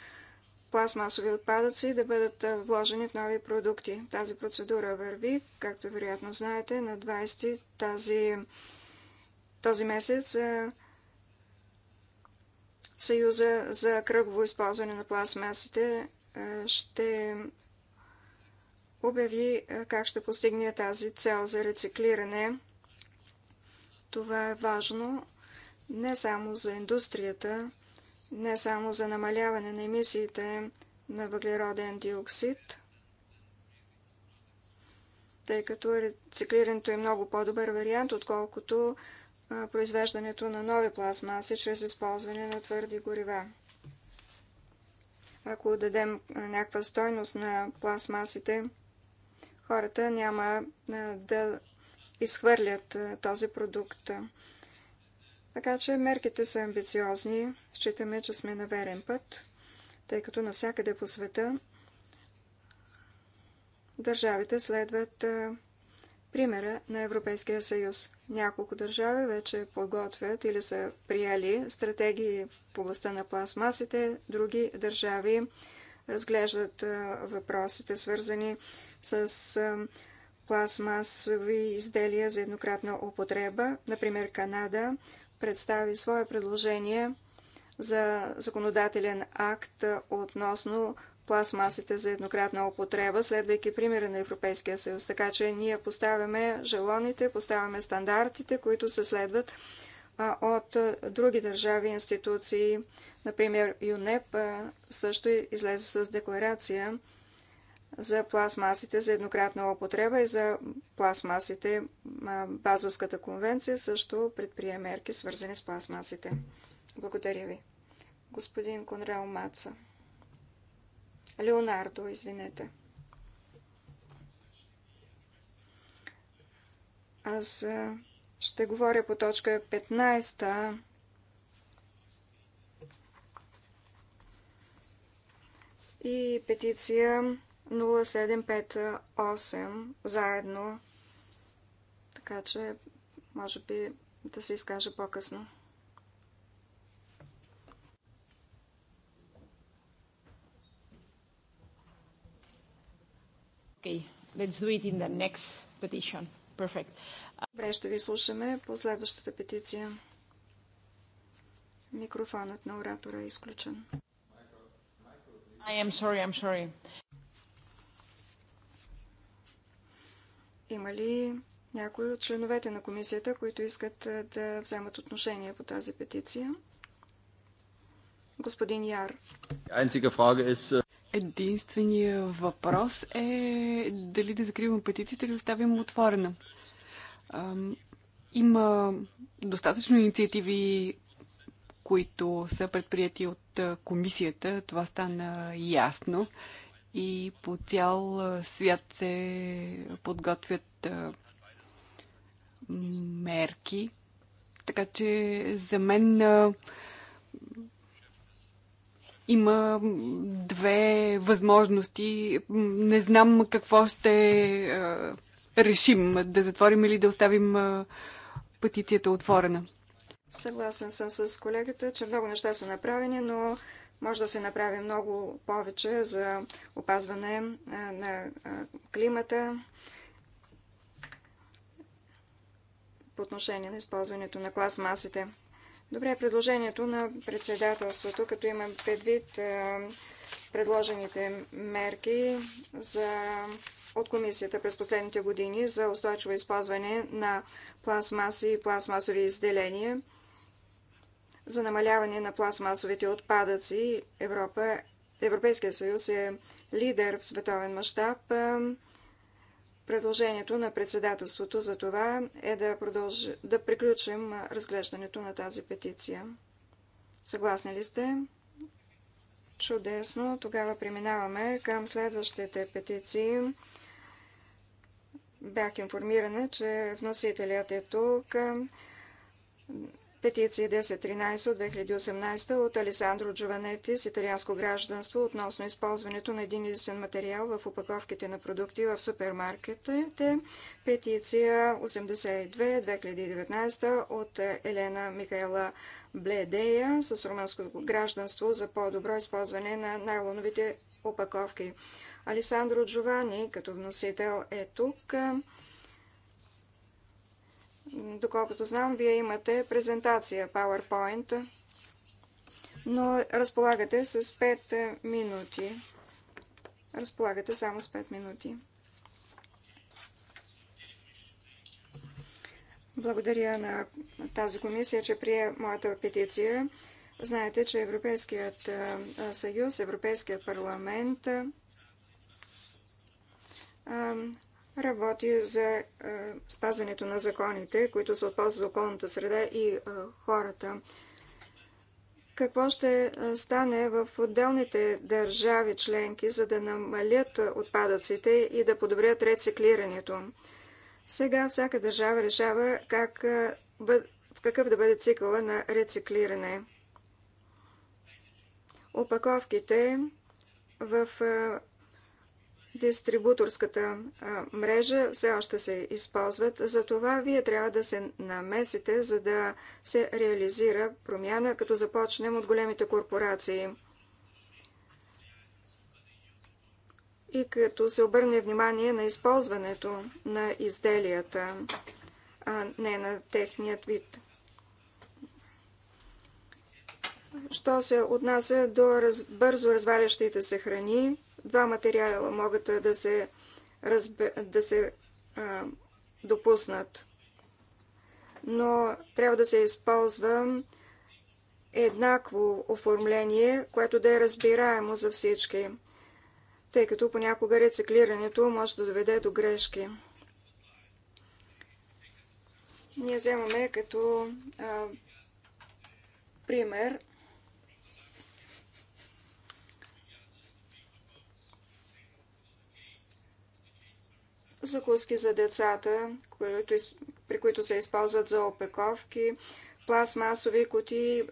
пластмасови отпадъци да бъдат вложени в нови продукти. Тази процедура върви, както вероятно знаете, на 20 тази този месец Съюза за кръгово използване на пластмасите ще обяви как ще постигне тази цел за рециклиране. Това е важно не само за индустрията, не само за намаляване на емисиите на въглероден диоксид, тъй като рециклирането е много по-добър вариант, отколкото произвеждането на нови пластмаси чрез използване на твърди горива. Ако дадем някаква стойност на пластмасите, хората няма да изхвърлят този продукт. Така че мерките са амбициозни. Считаме, че сме на верен път, тъй като навсякъде по света държавите следват примера на Европейския съюз. Няколко държави вече подготвят или са приели стратегии в областта на пластмасите, други държави разглеждат въпросите, свързани с пластмасови изделия за еднократна употреба. Например, Канада представи свое предложение за законодателен акт относно пластмасите за еднократна употреба, следвайки примера на Европейския съюз. Така че ние поставяме желоните, поставяме стандартите, които се следват от други държави институции. Например, ЮНЕП също излезе с декларация за пластмасите за еднократна употреба и за пластмасите. Базовската конвенция също предприе мерки, свързани с пластмасите. Благодаря ви. Господин Конрел Маца. Леонардо, извинете. Аз ще говоря по точка 15. И петиция 0758 заедно. Така че, може би да се изкаже по-късно. Okay, let's do it in the next petition. Perfect. Добре, ще ви слушаме по следващата петиция. Микрофонът на оратора е изключен. I am sorry, I'm sorry. Има ли някои от членовете на комисията, които искат да вземат отношение по тази петиция? Господин Яр. Единственият въпрос е дали да закривам петицията или оставим отворена. Има достатъчно инициативи, които са предприяти от комисията. Това стана ясно. И по цял свят се подготвят мерки. Така че за мен има две възможности. Не знам какво ще решим. Да затворим или да оставим петицията отворена. Съгласен съм с колегата, че много неща са направени, но може да се направи много повече за опазване на климата по отношение на използването на класмасите. Добре, предложението на председателството, като имам предвид е, предложените мерки за, от комисията през последните години за устойчиво използване на пластмаси и пластмасови изделения, за намаляване на пластмасовите отпадъци. Европа, Европейския съюз е лидер в световен мащаб е, Предложението на председателството за това е да, продължи, да приключим разглеждането на тази петиция. Съгласни ли сте? Чудесно. Тогава преминаваме към следващите петиции. Бях информирана, че вносителят е тук. Петиция 1013 от 2018 от Алесандро Джованети с италианско гражданство относно използването на един единствен материал в упаковките на продукти в супермаркетите. Петиция 82-2019 от Елена Михайла Бледея с румънско гражданство за по-добро използване на найлоновите упаковки. Алесандро Джовани като вносител е тук. Доколкото знам, вие имате презентация PowerPoint, но разполагате с 5 минути. Разполагате само с 5 минути. Благодаря на тази комисия, че прие моята петиция. Знаете, че Европейският съюз, Европейският парламент работи за е, спазването на законите, които са от полза за околната среда и е, хората. Какво ще стане в отделните държави членки, за да намалят отпадъците и да подобрят рециклирането? Сега всяка държава решава как, в какъв да бъде цикъла на рециклиране. Опаковките в дистрибуторската мрежа все още се използват. Затова вие трябва да се намесите, за да се реализира промяна, като започнем от големите корпорации. И като се обърне внимание на използването на изделията, а не на техният вид. Що се отнася до бързо развалящите се храни, Два материала могат да се, разбе, да се а, допуснат. Но трябва да се използва еднакво оформление, което да е разбираемо за всички, тъй като понякога рециклирането може да доведе до грешки. Ние вземаме като а, пример закуски за децата, които, при които се използват за опековки, пластмасови кути,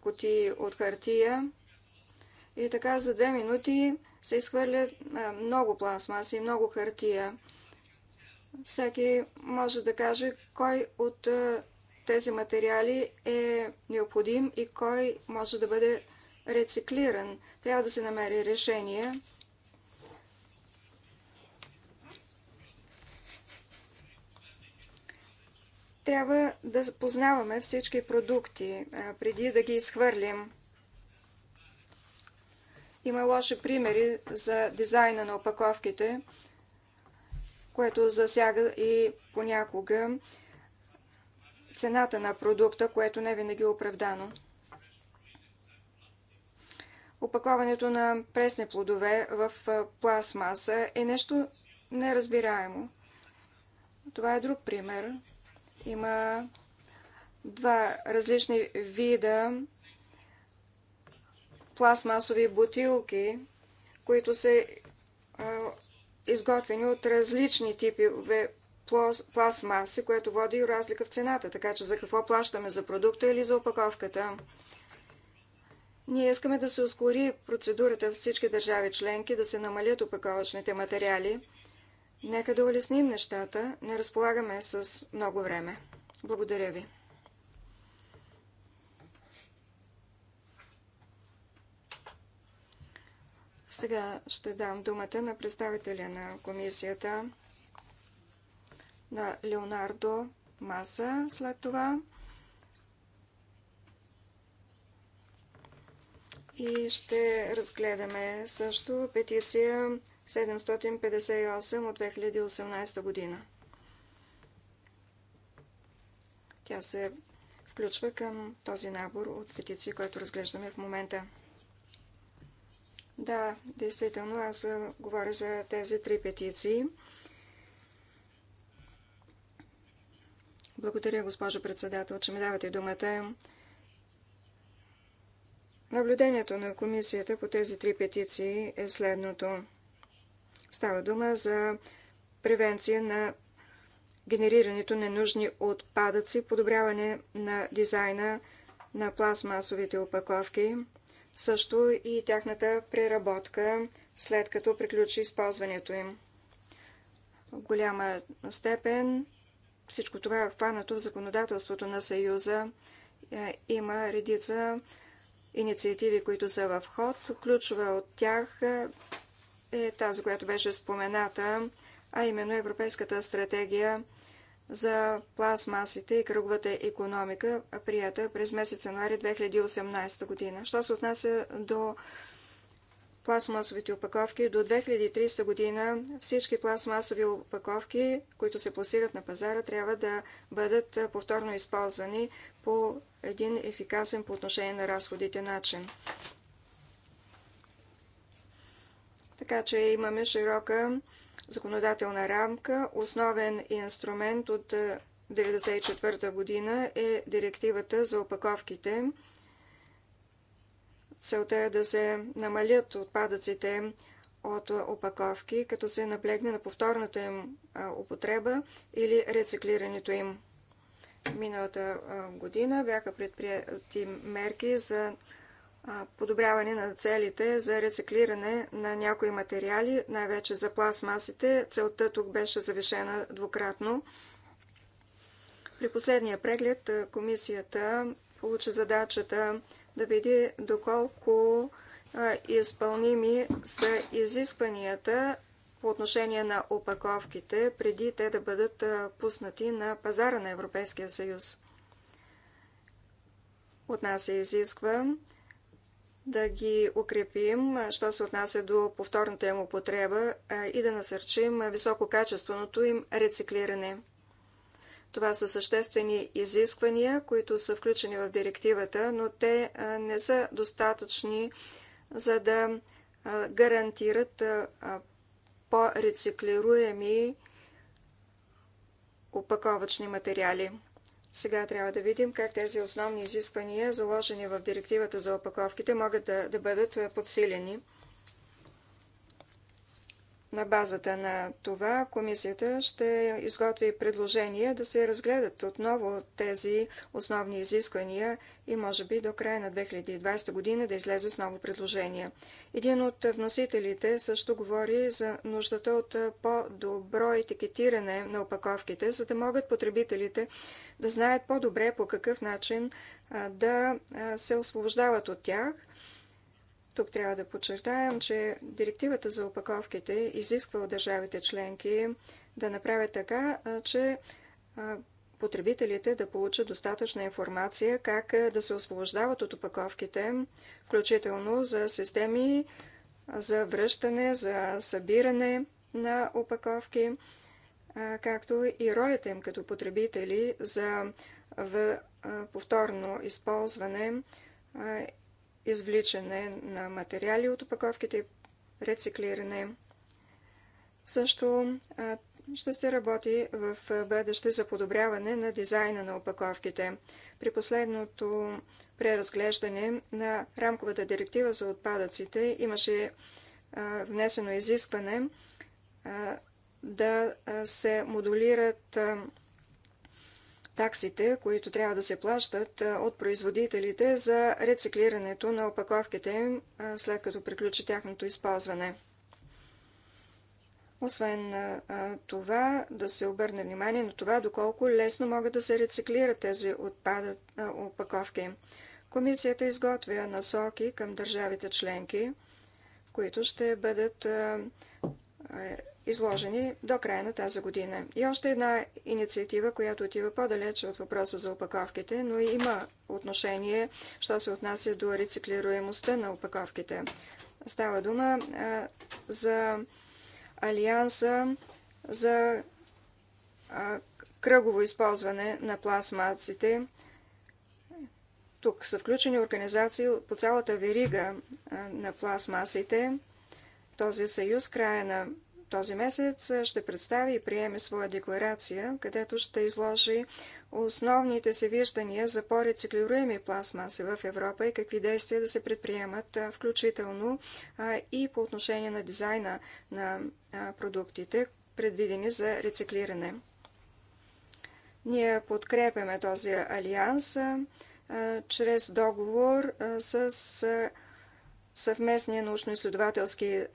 кути от хартия. И така за две минути се изхвърлят много пластмаси, много хартия. Всеки може да каже кой от тези материали е необходим и кой може да бъде рециклиран. Трябва да се намери решение. трябва да познаваме всички продукти, преди да ги изхвърлим. Има лоши примери за дизайна на опаковките, което засяга и понякога цената на продукта, което не винаги е оправдано. Опаковането на пресни плодове в пластмаса е нещо неразбираемо. Това е друг пример. Има два различни вида пластмасови бутилки, които са изготвени от различни типове пластмаси, което води и разлика в цената, така че за какво плащаме, за продукта или за опаковката. Ние искаме да се ускори процедурата в всички държави членки, да се намалят опаковъчните материали. Нека да улесним нещата. Не разполагаме с много време. Благодаря ви. Сега ще дам думата на представителя на комисията на Леонардо Маса. След това и ще разгледаме също петиция 758 от 2018 година. Тя се включва към този набор от петиции, който разглеждаме в момента. Да, действително, аз говоря за тези три петиции. Благодаря, госпожо председател, че ми давате думата. Наблюдението на комисията по тези три петиции е следното. Става дума за превенция на генерирането на нужни отпадъци, подобряване на дизайна на пластмасовите опаковки, също и тяхната преработка, след като приключи използването им. В голяма степен всичко това е хванато в законодателството на Съюза. Е, има редица инициативи, които са в ход. Ключова от тях е е тази, която беше спомената, а именно Европейската стратегия за пластмасите и кръговата економика, прията през месец януари 2018 година. Що се отнася до пластмасовите опаковки, до 2030 година всички пластмасови опаковки, които се пласират на пазара, трябва да бъдат повторно използвани по един ефикасен по отношение на разходите начин. Така че имаме широка законодателна рамка. Основен инструмент от 1994 е, година е директивата за опаковките. Целта е да се намалят отпадъците от е, опаковки, като се наблегне на повторната им е, употреба или рециклирането им. Миналата година бяха предприяти мерки за подобряване на целите за рециклиране на някои материали, най-вече за пластмасите. Целта тук беше завишена двукратно. При последния преглед комисията получи задачата да види доколко изпълними са изискванията по отношение на опаковките, преди те да бъдат пуснати на пазара на Европейския съюз. От нас се изисква да ги укрепим, що се отнася до повторната им употреба и да насърчим висококачественото им рециклиране. Това са съществени изисквания, които са включени в директивата, но те не са достатъчни, за да гарантират по-рециклируеми опаковачни материали. Сега трябва да видим как тези основни изисквания, заложени в директивата за опаковките, могат да, да бъдат е, подсилени. На базата на това комисията ще изготви предложение да се разгледат отново тези основни изисквания и може би до края на 2020 година да излезе с ново предложение. Един от вносителите също говори за нуждата от по-добро етикетиране на опаковките, за да могат потребителите да знаят по-добре по какъв начин да се освобождават от тях – тук трябва да подчертаем, че директивата за опаковките изисква от държавите членки да направят така, че потребителите да получат достатъчна информация как да се освобождават от опаковките, включително за системи за връщане, за събиране на опаковки, както и ролята им като потребители за повторно използване извличане на материали от опаковките, рециклиране. Също ще се работи в бъдеще за подобряване на дизайна на опаковките. При последното преразглеждане на рамковата директива за отпадъците имаше внесено изискване да се модулират таксите, които трябва да се плащат от производителите за рециклирането на опаковките им, след като приключи тяхното използване. Освен това, да се обърне внимание на това, доколко лесно могат да се рециклират тези отпадат, опаковки. Комисията изготвя насоки към държавите членки, които ще бъдат изложени до края на тази година. И още една инициатива, която отива по-далече от въпроса за опаковките, но и има отношение, що се отнася до рециклируемостта на опаковките. Става дума а, за Алианса за а, кръгово използване на пластмасите. Тук са включени организации по цялата верига а, на пластмасите. Този съюз края на този месец ще представи и приеме своя декларация, където ще изложи основните се виждания за по-рециклируеми пластмаси в Европа и какви действия да се предприемат, включително и по отношение на дизайна на продуктите, предвидени за рециклиране. Ние подкрепяме този алианс чрез договор с съвместния научно-изследователски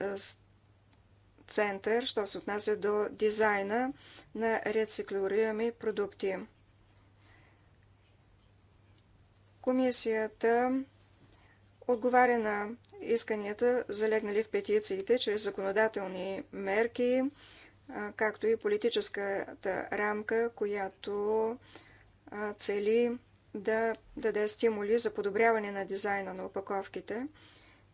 център, що се отнася до дизайна на рециклируеми продукти. Комисията отговаря на исканията, залегнали в петициите, чрез законодателни мерки, както и политическата рамка, която цели да даде стимули за подобряване на дизайна на опаковките –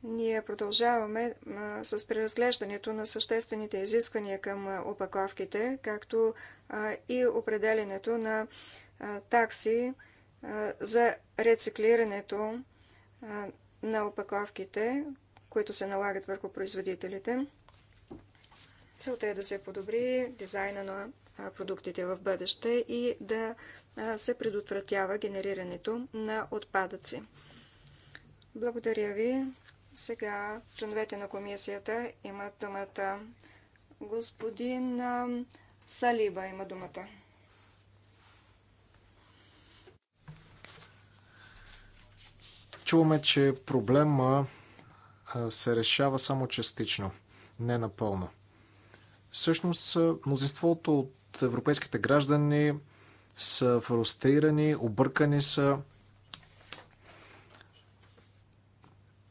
ние продължаваме а, с преразглеждането на съществените изисквания към опаковките, както а, и определенето на а, такси за рециклирането на опаковките, които се налагат върху производителите. Целта е да се подобри дизайна на продуктите в бъдеще и да се предотвратява генерирането на отпадъци. Благодаря ви. Сега членовете на комисията имат думата. Господин Салиба има думата. Чуваме, че проблема се решава само частично, не напълно. Всъщност, мнозинството от европейските граждани са фрустрирани, объркани са.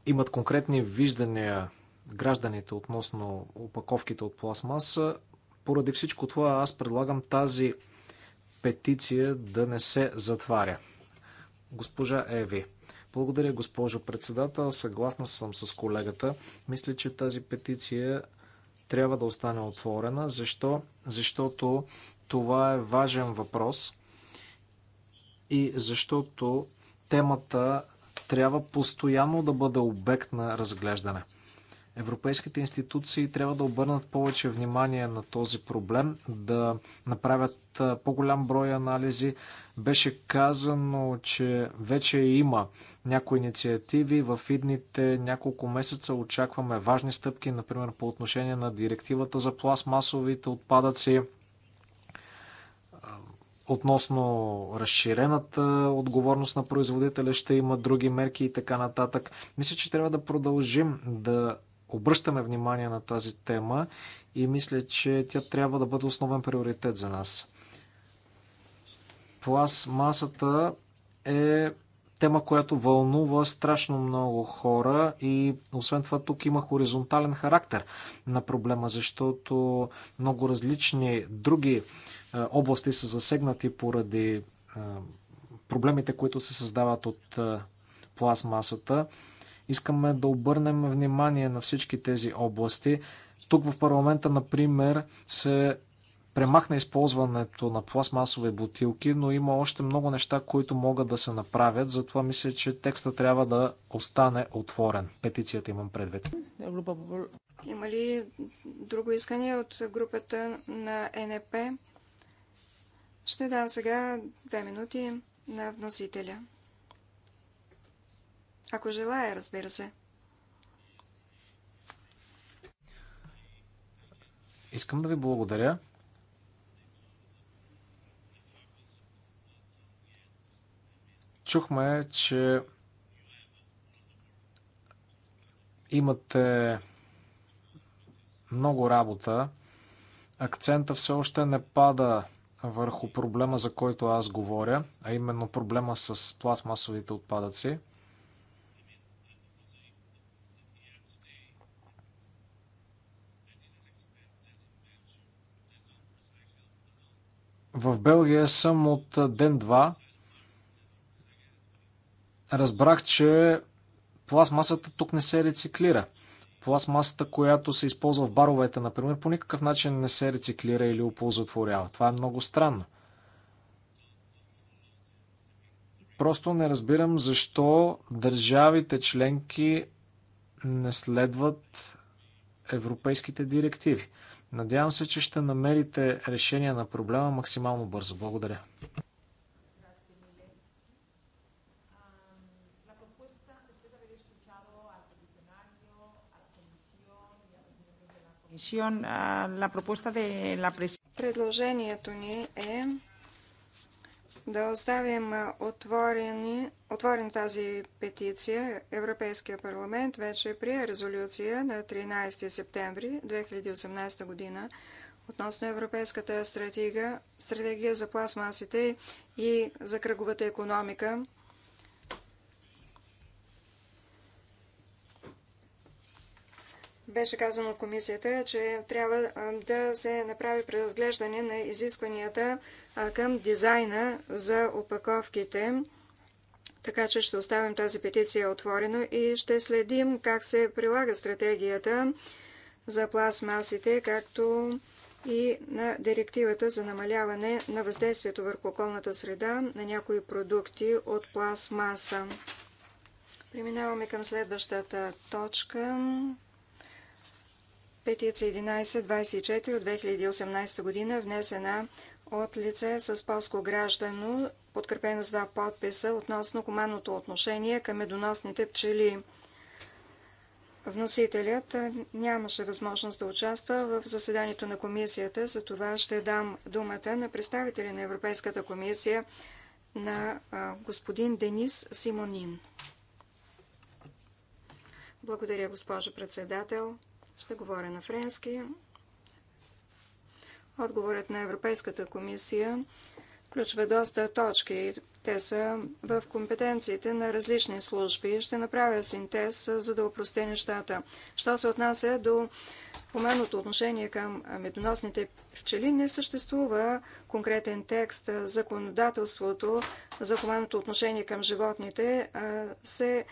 имат конкретни виждания гражданите относно опаковките от пластмаса. Поради всичко това аз предлагам тази петиция да не се затваря. Госпожа Еви. Благодаря, госпожо председател. Съгласна съм с колегата. Мисля, че тази петиция трябва да остане отворена. Защо? Защото това е важен въпрос и защото темата трябва постоянно да бъде обект на разглеждане. Европейските институции трябва да обърнат повече внимание на този проблем, да направят по-голям брой анализи. Беше казано, че вече има някои инициативи. В идните няколко месеца очакваме важни стъпки, например по отношение на директивата за пластмасовите отпадъци относно разширената отговорност на производителя, ще има други мерки и така нататък. Мисля, че трябва да продължим да обръщаме внимание на тази тема и мисля, че тя трябва да бъде основен приоритет за нас. Пластмасата е тема, която вълнува страшно много хора и освен това тук има хоризонтален характер на проблема, защото много различни други области са засегнати поради проблемите, които се създават от пластмасата. Искаме да обърнем внимание на всички тези области. Тук в парламента, например, се премахна използването на пластмасови бутилки, но има още много неща, които могат да се направят. Затова мисля, че текста трябва да остане отворен. Петицията имам предвид. Има ли друго искане от групата на НП? Ще дам сега две минути на вносителя. Ако желая, разбира се. Искам да ви благодаря. Чухме, че имате много работа. Акцента все още не пада върху проблема, за който аз говоря, а именно проблема с пластмасовите отпадъци. В Белгия съм от ден-два. Разбрах, че пластмасата тук не се рециклира пластмасата, която се използва в баровете, например, по никакъв начин не се рециклира или оползотворява. Това е много странно. Просто не разбирам защо държавите членки не следват европейските директиви. Надявам се, че ще намерите решение на проблема максимално бързо. Благодаря. Предложението ни е да оставим отворени, отворен тази петиция. Европейския парламент вече прие резолюция на 13 септември 2018 година относно Европейската стратегия, стратегия за пластмасите и за кръговата економика. Беше казано от комисията, че трябва да се направи преразглеждане на изискванията към дизайна за опаковките. Така че ще оставим тази петиция отворена и ще следим как се прилага стратегията за пластмасите, както и на директивата за намаляване на въздействието върху околната среда на някои продукти от пластмаса. Преминаваме към следващата точка. Петиция 11-24 от 2018 година, внесена от лице с полско граждано, подкрепена с два подписа относно командното отношение към медоносните пчели. Вносителят нямаше възможност да участва в заседанието на комисията, за това ще дам думата на представителя на Европейската комисия на господин Денис Симонин. Благодаря, госпожо председател. Ще говоря на френски. Отговорът на Европейската комисия включва доста точки. Те са в компетенциите на различни служби. Ще направя синтез, за да упростя нещата. Що се отнася до поменното отношение към медоносните пчели, не съществува конкретен текст. Законодателството за хуманното отношение към животните се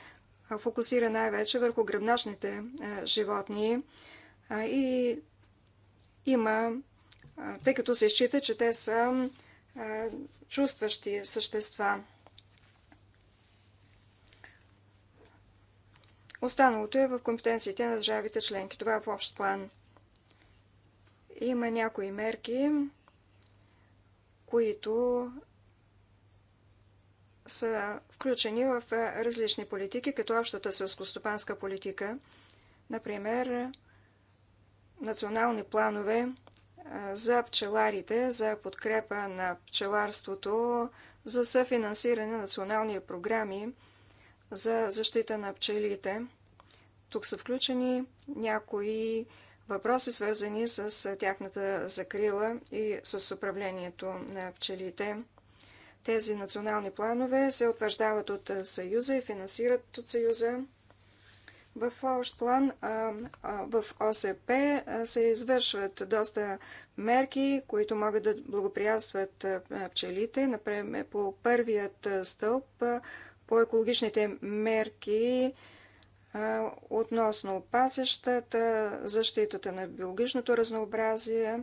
фокусира най-вече върху гръбначните е, животни е, и има, е, тъй като се счита, че те са чувстващи същества. Останалото е в компетенциите на държавите членки. Това е в общ план. Има някои мерки, които са включени в е, различни политики, като общата селскостопанска политика, например национални планове е, за пчеларите, за подкрепа на пчеларството, за съфинансиране на национални програми за защита на пчелите. Тук са включени някои въпроси, свързани с е, тяхната закрила и с управлението на пчелите. Тези национални планове се утвърждават от Съюза и финансират от Съюза. В общ план в ОСП се извършват доста мерки, които могат да благоприятстват пчелите. Например, по първият стълб по екологичните мерки относно пасещата, защитата на биологичното разнообразие,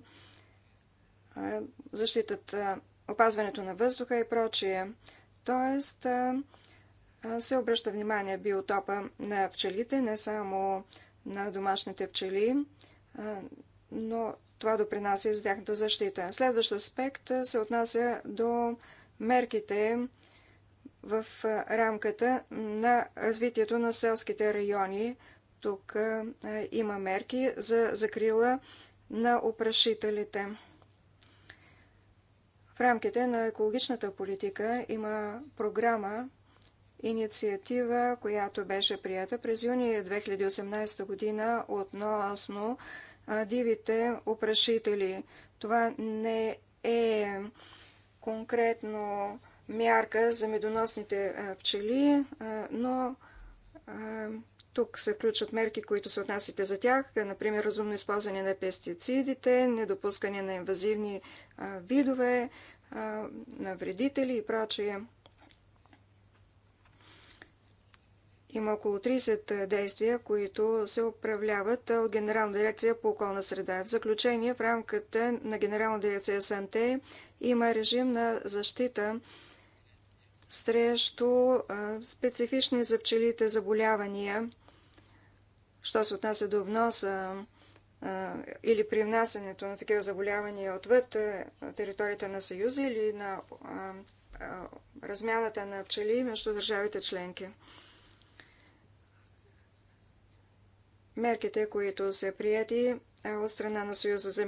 защитата опазването на въздуха и прочие. Тоест, се обръща внимание биотопа на пчелите, не само на домашните пчели, но това допринася и за тяхната защита. Следващ аспект се отнася до мерките в рамката на развитието на селските райони. Тук има мерки за закрила на опрашителите. В рамките на екологичната политика има програма, инициатива, която беше прията през юни 2018 година относно дивите опрашители. Това не е конкретно мярка за медоносните пчели, но тук се включат мерки, които се отнасят за тях, например разумно използване на пестицидите, недопускане на инвазивни видове, на вредители и прочие. Има около 30 действия, които се управляват от Генерална дирекция по околна среда. В заключение, в рамката на Генерална дирекция СНТ има режим на защита срещу специфични за пчелите заболявания – Що се отнася до вноса или при внасянето на такива заболявания отвъд територията на Съюза или на размяната на пчели между държавите членки. Мерките, които са прияти, от страна на Съюза за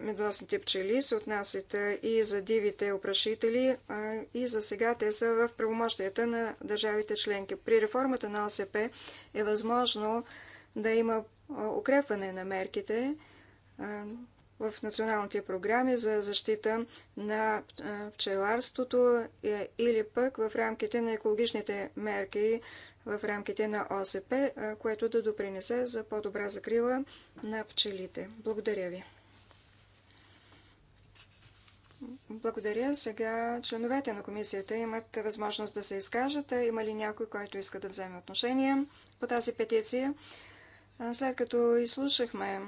медоносните пчели се отнасят и за дивите опрашители и за сега те са в правомощията на държавите членки. При реформата на ОСП е възможно да има укрепване на мерките в националните програми за защита на пчеларството е, или пък в рамките на екологичните мерки в рамките на ОСП, което да допринесе за по-добра закрила на пчелите. Благодаря ви. Благодаря. Сега членовете на комисията имат възможност да се изкажат. Има ли някой, който иска да вземе отношение по тази петиция? След като изслушахме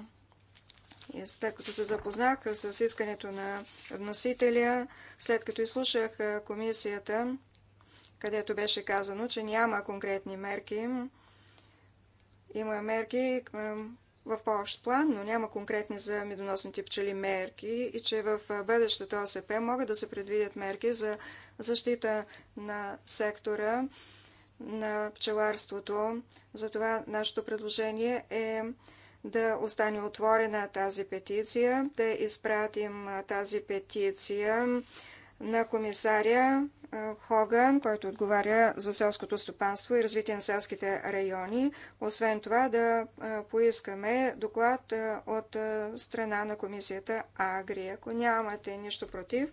след като се запознах с искането на вносителя, след като изслушах комисията, където беше казано, че няма конкретни мерки. Има мерки в по-общ план, но няма конкретни за медоносните пчели мерки и че в бъдещето ОСП могат да се предвидят мерки за защита на сектора на пчеларството. Затова нашето предложение е да остане отворена тази петиция, да изпратим тази петиция на комисаря Хоган, който отговаря за селското стопанство и развитие на селските райони. Освен това да поискаме доклад от страна на комисията Агри. Ако нямате нищо против,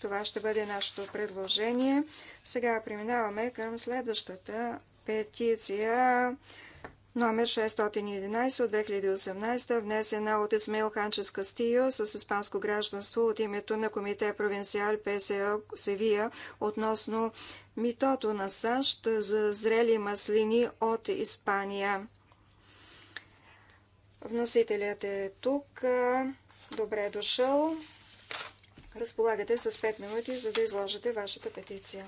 това ще бъде нашето предложение. Сега преминаваме към следващата петиция номер 611 от 2018, внесена от Исмил Ханчес Кастио с испанско гражданство от името на Комите Провинциал ПСО Севия относно митото на САЩ за зрели маслини от Испания. Вносителят е тук. Добре дошъл. Разполагате с 5 минути, за да изложите вашата петиция.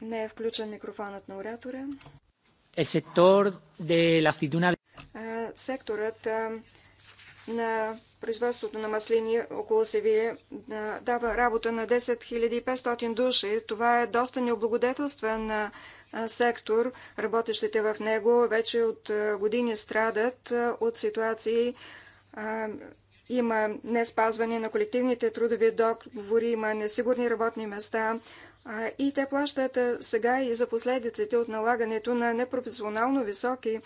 Не е включен микрофонът на оратора. Секторът на производството на маслини около Севиле дава работа на 10 500 души. Това е доста необлагодетелствен сектор. Работещите в него вече от години страдат от ситуации има неспазване на колективните трудови договори, има несигурни работни места и те плащат сега и за последиците от налагането на непрофесионално високи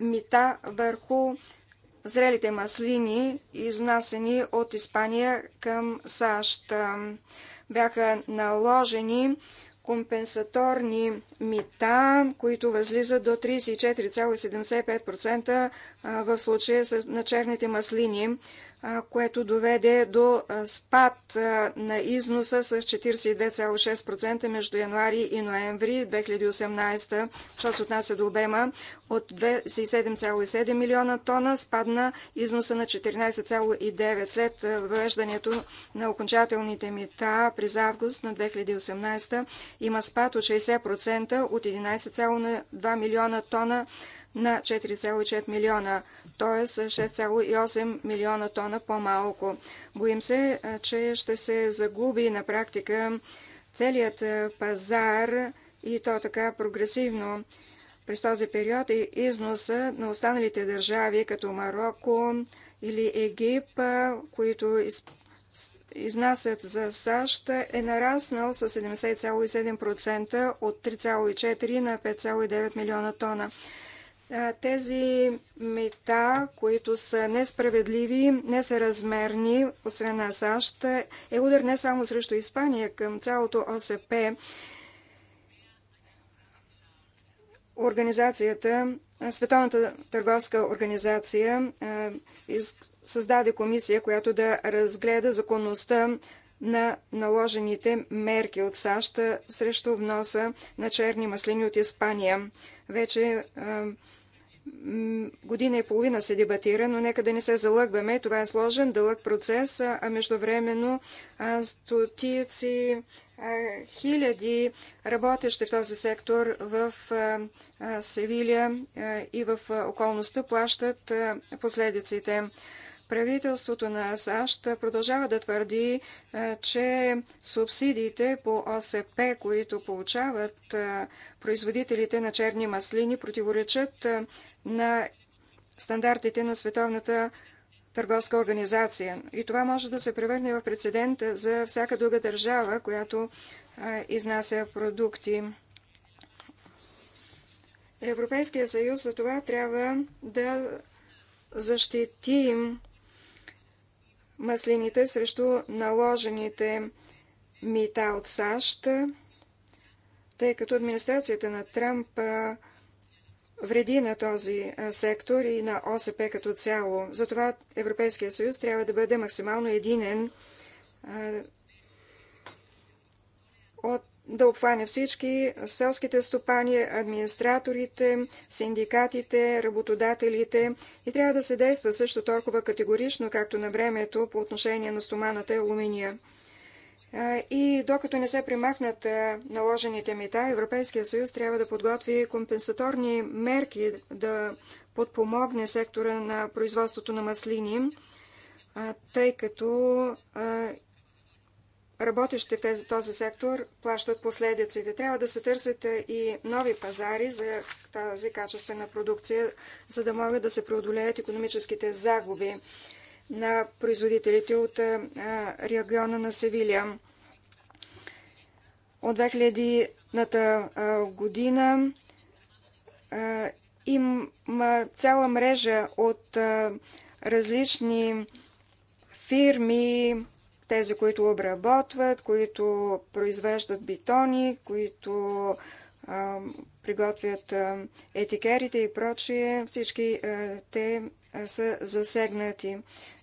мита върху зрелите маслини, изнасени от Испания към САЩ. Бяха наложени компенсаторни мита, които възлизат до 34,75% в случая на черните маслини което доведе до спад на износа с 42,6% между януари и ноември 2018. Що се отнася до обема от 27,7 милиона тона, спадна износа на 14,9 след въвеждането на окончателните мита през август на 2018. Има спад от 60% от 11,2 милиона тона на 4,4 милиона, т.е. 6,8 милиона тона по-малко. Боим се, че ще се загуби на практика целият пазар и то така прогресивно. През този период и износа на останалите държави, като Марокко или Егип, които изнасят за САЩ, е нараснал с 70,7% от 3,4 на 5,9 милиона тона тези мета, които са несправедливи, несъразмерни от страна на САЩ, е удар не само срещу Испания, към цялото ОСП. Организацията, Световната търговска организация създаде комисия, която да разгледа законността на наложените мерки от САЩ срещу вноса на черни маслини от Испания. Вече година и половина се дебатира, но нека да не се залъгваме. Това е сложен, дълъг процес, а междувременно стотици хиляди работещи в този сектор в Севилия и в околността плащат последиците. Правителството на САЩ продължава да твърди, че субсидиите по ОСП, които получават производителите на черни маслини, противоречат на стандартите на Световната търговска организация. И това може да се превърне в прецедент за всяка друга държава, която изнася продукти. Европейския съюз за това трябва да защити маслините срещу наложените мита от САЩ, тъй като администрацията на Трамп вреди на този сектор и на ОСП като цяло. Затова Европейския съюз трябва да бъде максимално единен от да обхване всички селските стопани, администраторите, синдикатите, работодателите и трябва да се действа също толкова категорично, както на времето по отношение на стоманата и алуминия. И докато не се примахнат наложените мита, Европейския съюз трябва да подготви компенсаторни мерки да подпомогне сектора на производството на маслини, тъй като работещите в тези, този сектор плащат последиците. Трябва да се търсят и нови пазари за тази качествена продукция, за да могат да се преодолеят економическите загуби на производителите от региона на Севилия. От 2000-та година има цяла мрежа от различни фирми, тези, които обработват, които произвеждат бетони, които приготвят етикерите и прочие. Всички те са засегнати.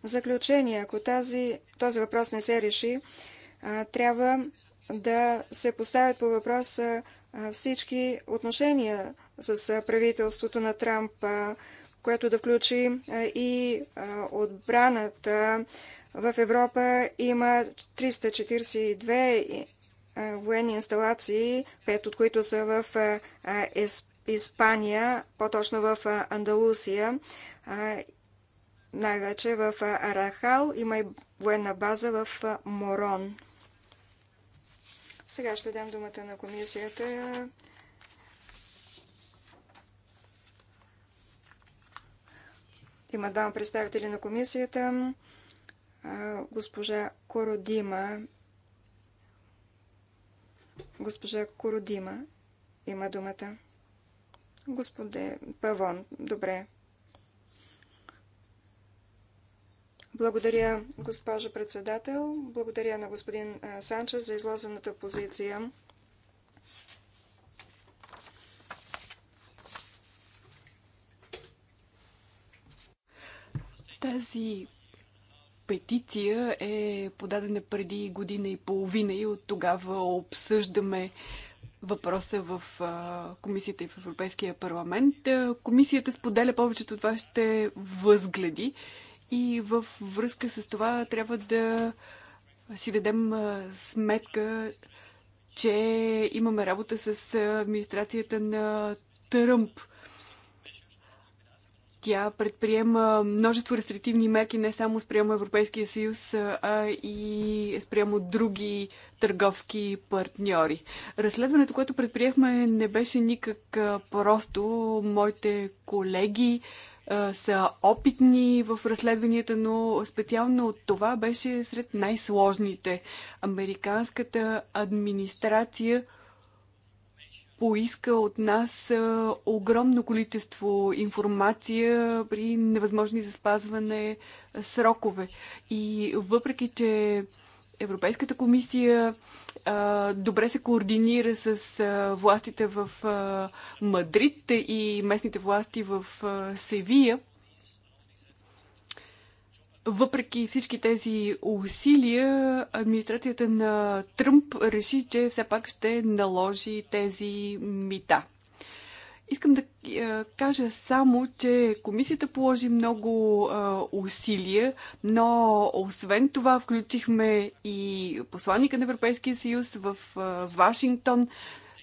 В заключение, ако тази, този въпрос не се реши, трябва да се поставят по въпроса всички отношения с правителството на Трамп, което да включи и отбраната. В Европа има 342 военни инсталации, пет от които са в Испания, по-точно в Андалусия най-вече в Арахал. Има и военна база в Морон. Сега ще дам думата на комисията. Има двама представители на комисията. Госпожа Кородима. Госпожа Кородима има думата. Господе Павон, добре. Благодаря, госпожа председател. Благодаря на господин Санчес за изложената позиция. Тази петиция е подадена преди година и половина и от тогава обсъждаме въпроса в комисията и в Европейския парламент. Комисията споделя повечето от вашите възгледи. И в връзка с това трябва да си дадем сметка, че имаме работа с администрацията на Тръмп. Тя предприема множество рестриктивни мерки не само спрямо Европейския съюз, а и спрямо други търговски партньори. Разследването, което предприехме, не беше никак просто. Моите колеги са опитни в разследванията, но специално от това беше сред най-сложните. Американската администрация поиска от нас огромно количество информация при невъзможни за спазване срокове. И въпреки, че Европейската комисия добре се координира с а, властите в а, Мадрид и местните власти в а, Севия. Въпреки всички тези усилия, администрацията на Тръмп реши, че все пак ще наложи тези мита. Искам да кажа само, че комисията положи много а, усилия, но освен това включихме и посланника на Европейския съюз в а, Вашингтон.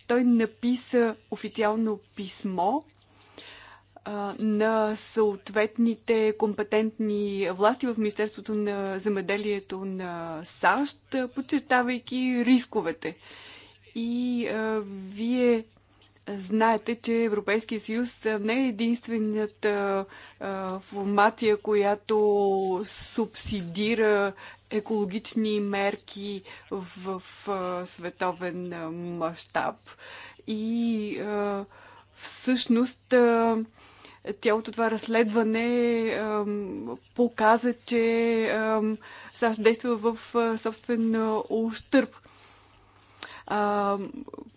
Той написа официално писмо а, на съответните компетентни власти в Министерството на земеделието на САЩ, подчертавайки рисковете. И а, вие Знаете, че Европейския съюз не е единствената формация, която субсидира екологични мерки в, световен мащаб. И всъщност цялото това разследване показа, че САЩ действа в собствен ущърп. А,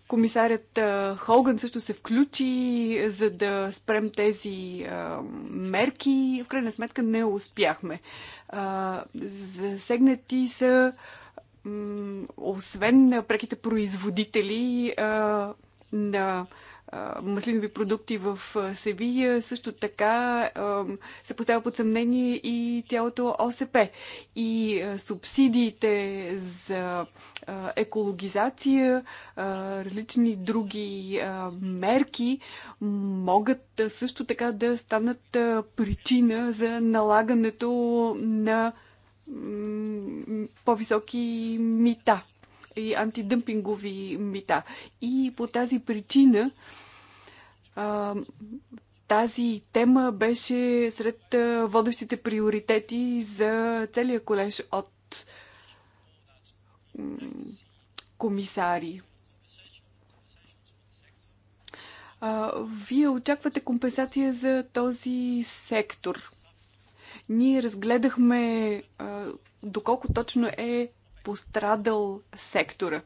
комисарят а, Холган също се включи, за да спрем тези а, мерки. В крайна сметка не успяхме. А, засегнати са, освен преките производители а, на маслинови продукти в Севия. Също така се поставя под съмнение и цялото ОСП. И субсидиите за екологизация, различни други мерки могат също така да станат причина за налагането на по-високи мита и антидъмпингови мита. И по тази причина тази тема беше сред водещите приоритети за целия колеж от комисари. Вие очаквате компенсация за този сектор. Ние разгледахме доколко точно е пострадал сектора.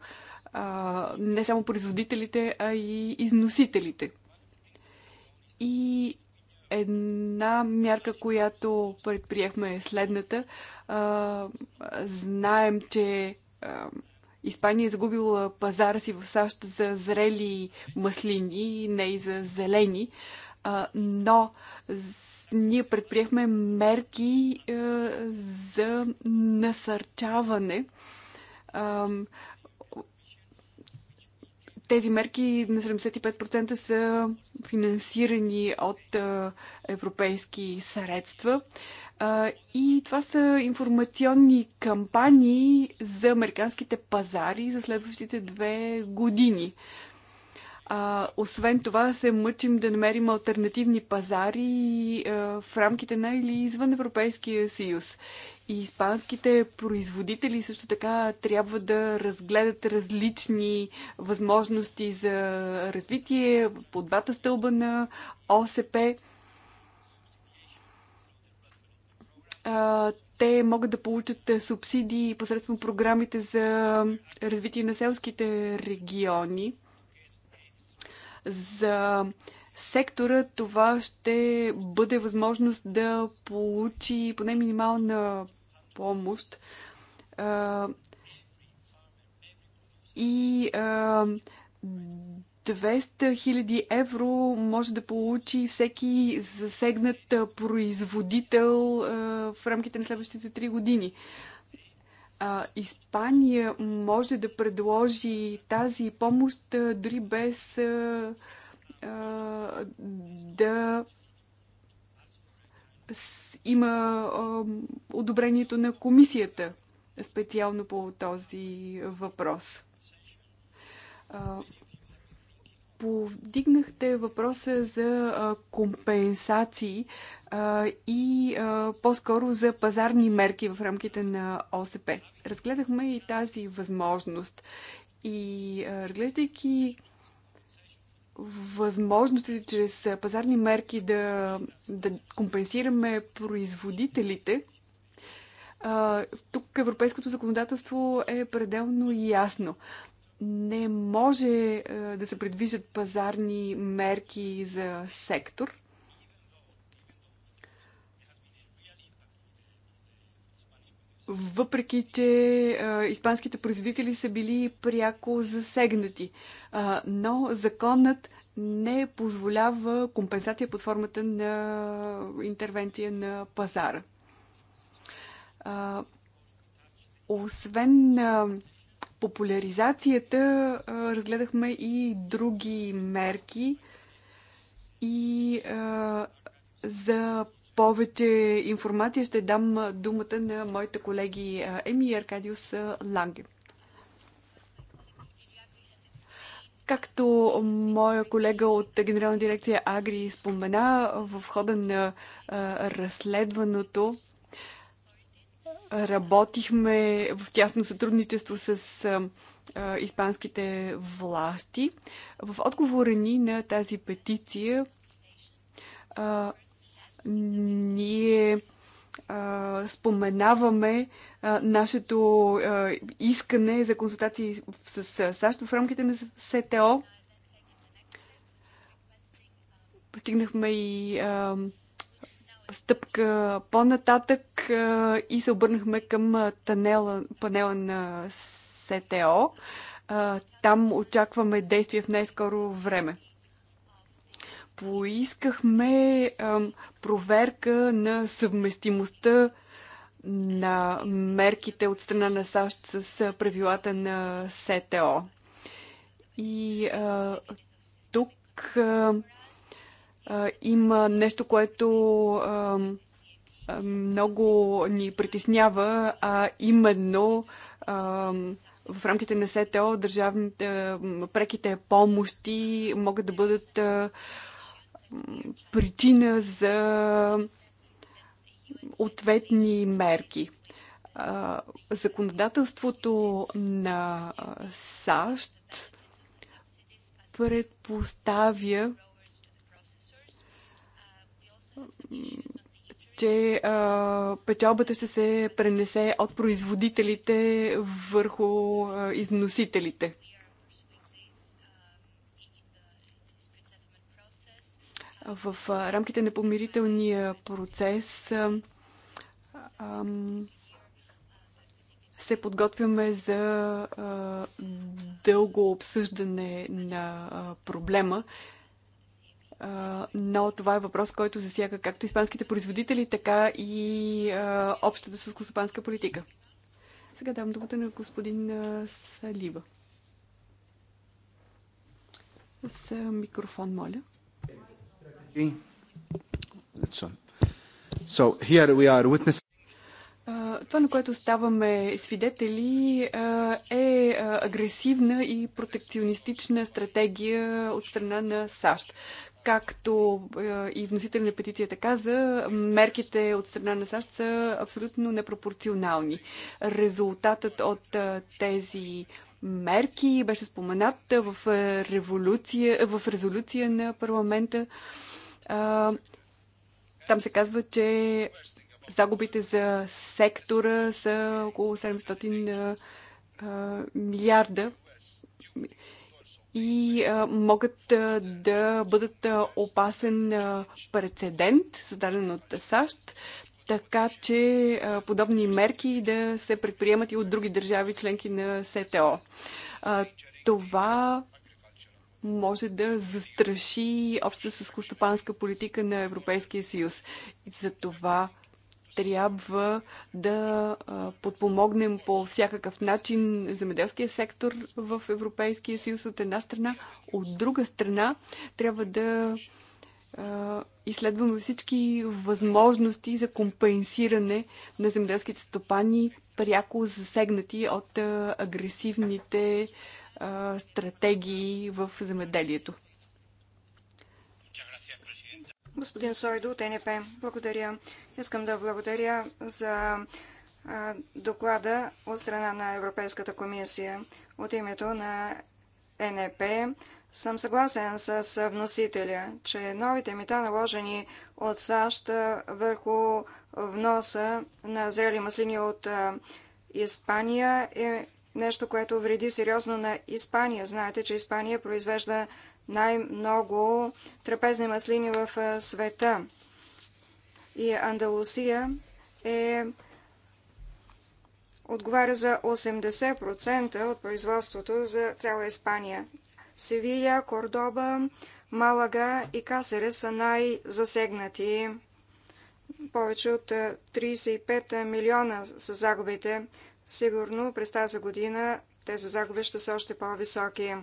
Не само производителите, а и износителите. И една мярка, която предприехме е следната. Знаем, че Испания е загубила пазара си в САЩ за зрели маслини, не и за зелени, но ние предприехме мерки е, за насърчаване. Е, тези мерки на 75% са финансирани от е, европейски средства. И това са информационни кампании за американските пазари за следващите две години. А, освен това се мъчим да намерим альтернативни пазари а, в рамките на или извън Европейския съюз. И испанските производители също така трябва да разгледат различни възможности за развитие по двата стълба на ОСП. А, те могат да получат субсидии посредством програмите за развитие на селските региони за сектора това ще бъде възможност да получи поне минимална помощ и 200 000 евро може да получи всеки засегнат производител в рамките на следващите 3 години а, Испания може да предложи тази помощ а, дори без а, а, да с, има а, одобрението на комисията специално по този въпрос. А, повдигнахте въпроса за а, компенсации а, и по-скоро за пазарни мерки в рамките на ОСП разгледахме и тази възможност. И разглеждайки възможностите чрез пазарни мерки да, да компенсираме производителите, тук европейското законодателство е пределно ясно. Не може да се предвижат пазарни мерки за сектор, въпреки че а, испанските производители са били пряко засегнати. А, но законът не позволява компенсация под формата на интервенция на пазара. А, освен а, популяризацията, а, разгледахме и други мерки и а, за повече информация ще дам думата на моите колеги Еми и Аркадиус Ланге. Както моя колега от Генерална дирекция Агри спомена, в хода на разследването работихме в тясно сътрудничество с испанските власти. В отговора ни на тази петиция ние а, споменаваме а, нашето а, искане за консултации с, с САЩ в рамките на СТО. Постигнахме и а, стъпка по-нататък а, и се обърнахме към тънела, панела на СТО. А, там очакваме действия в най-скоро време поискахме проверка на съвместимостта на мерките от страна на САЩ с правилата на СТО. И а, тук а, а, има нещо, което а, много ни притеснява, а именно а, в рамките на СТО държавните преките помощи могат да бъдат а, причина за ответни мерки. Законодателството на САЩ предпоставя, че печалбата ще се пренесе от производителите върху износителите. В рамките на помирителния процес се подготвяме за дълго обсъждане на проблема но това е въпрос, който засяга както испанските производители, така и общата съскостопанска политика. Сега дам думата на господин Салива. С микрофон, моля. Това, на което ставаме свидетели, е агресивна и протекционистична стратегия от страна на САЩ. Както и вносител на петицията каза, мерките от страна на САЩ са абсолютно непропорционални. Резултатът от тези мерки беше споменат в, революция, в резолюция на парламента. А, там се казва, че загубите за сектора са около 700 а, милиарда и а, могат а, да бъдат а, опасен а, прецедент, създаден от САЩ, така че а, подобни мерки да се предприемат и от други държави, членки на СТО. А, това може да застраши общата съскостопанска политика на Европейския съюз. И за това трябва да подпомогнем по всякакъв начин земеделския сектор в Европейския съюз от една страна, от друга страна трябва да изследваме всички възможности за компенсиране на земеделските стопани, пряко засегнати от агресивните а, стратегии в земеделието. Господин Сойдо от НП, благодаря. Искам да благодаря за доклада от страна на Европейската комисия от името на НЕП. Съм съгласен с вносителя, че новите мета наложени от САЩ върху вноса на зрели маслини от Испания е нещо, което вреди сериозно на Испания. Знаете, че Испания произвежда най-много трапезни маслини в света. И Андалусия е отговаря за 80% от производството за цяла Испания. Севия, Кордоба, Малага и Касере са най-засегнати. Повече от 35 милиона са загубите Сигурно през тази година тези загуби ще са още по-високи.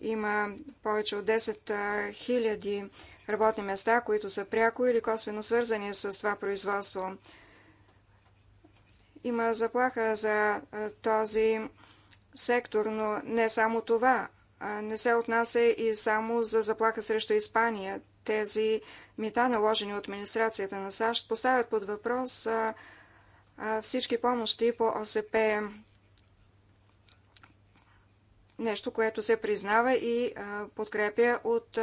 Има повече от 10 000 работни места, които са пряко или косвено свързани с това производство. Има заплаха за този сектор, но не само това. Не се отнася и само за заплаха срещу Испания. Тези мита, наложени от администрацията на САЩ, поставят под въпрос всички помощи по ОСП. Е нещо, което се признава и подкрепя от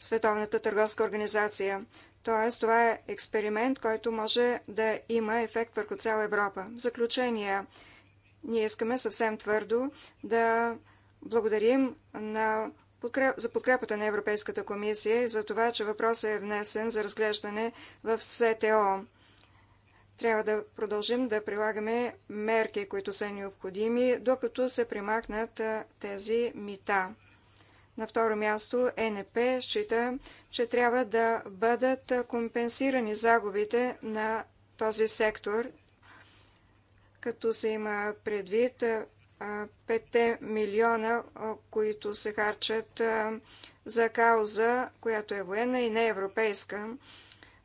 Световната търговска организация. Тоест, това е експеримент, който може да има ефект върху цяла Европа. В заключение, ние искаме съвсем твърдо да благодарим на за подкрепата на Европейската комисия и за това, че въпросът е внесен за разглеждане в СТО. Трябва да продължим да прилагаме мерки, които са необходими, докато се примахнат тези мита. На второ място НП счита, че трябва да бъдат компенсирани загубите на този сектор, като се има предвид 5 милиона, които се харчат за кауза, която е военна и не европейска.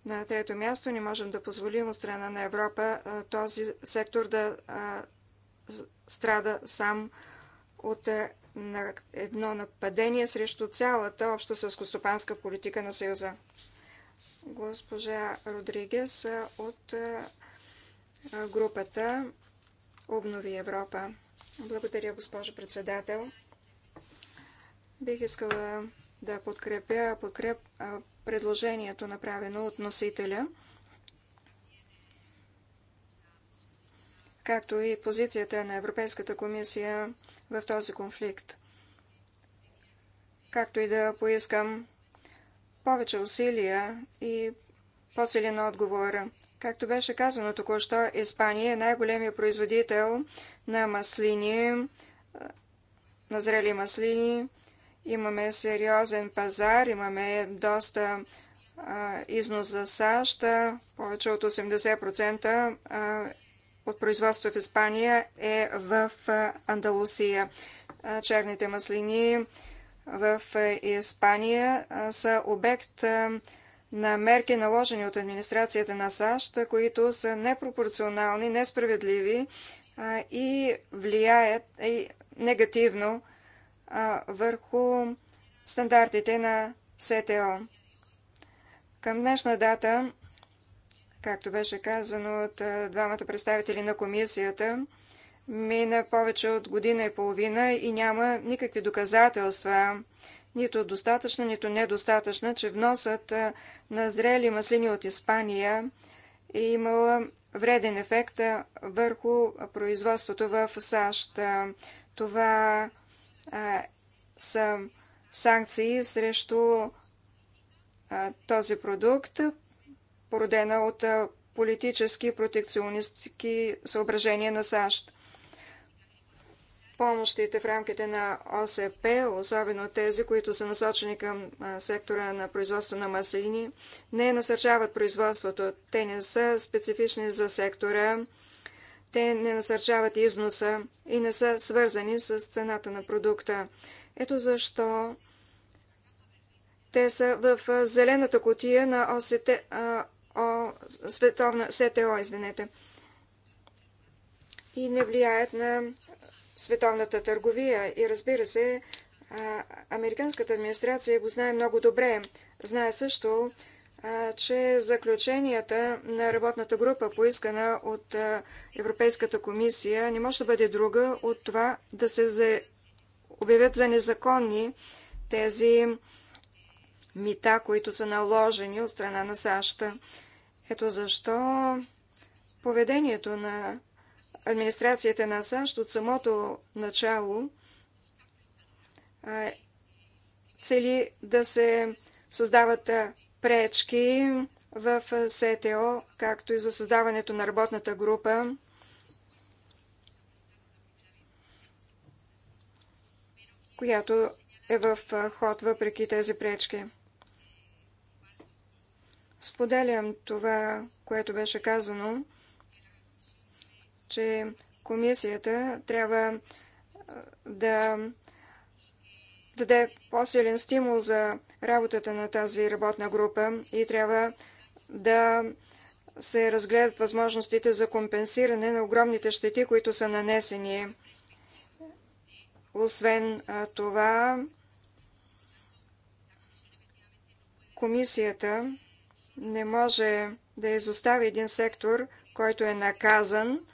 На трето място не можем да позволим от страна на Европа този сектор да страда сам от е, едно нападение срещу цялата обща сълскостопанска политика на Съюза. Госпожа Родригес от е, групата Обнови Европа. Благодаря, госпожо председател. Бих искала да подкрепя подкреп, предложението, направено от носителя, както и позицията на Европейската комисия в този конфликт, както и да поискам повече усилия и по-силен отговор. Както беше казано току-що, Испания е най-големият производител на маслини, на зрели маслини, Имаме сериозен пазар, имаме доста а, износ за САЩ, повече от 80% а, от производство в Испания е в Андалусия. Черните маслини в Испания са обект на мерки, наложени от администрацията на САЩ, които са непропорционални, несправедливи и влияят негативно върху стандартите на СТО. Към днешна дата, както беше казано от двамата представители на комисията, мина повече от година и половина и няма никакви доказателства, нито достатъчна, нито недостатъчна, че вносът на зрели маслини от Испания е имал вреден ефект върху производството в САЩ. Това е, са санкции срещу е, този продукт, породена от е, политически протекционистски съображения на САЩ. Помощите в рамките на ОСП, особено тези, които са насочени към сектора на производство на маслини, не насърчават производството. Те не са специфични за сектора те не насърчават износа и не са свързани с цената на продукта. Ето защо те са в зелената котия на ОСТ, а, о, световна, СТО, извинете, и не влияят на световната търговия. И разбира се, а, американската администрация го знае много добре. Знае също, че заключенията на работната група, поискана от Европейската комисия, не може да бъде друга от това да се за... обявят за незаконни тези мита, които са наложени от страна на САЩ. Ето защо поведението на администрацията на САЩ от самото начало цели да се създават пречки в СТО, както и за създаването на работната група. която е в ход въпреки тези пречки. Споделям това, което беше казано, че комисията трябва да даде по-силен стимул за работата на тази работна група и трябва да се разгледат възможностите за компенсиране на огромните щети, които са нанесени. Освен това, комисията не може да изостави един сектор, който е наказан.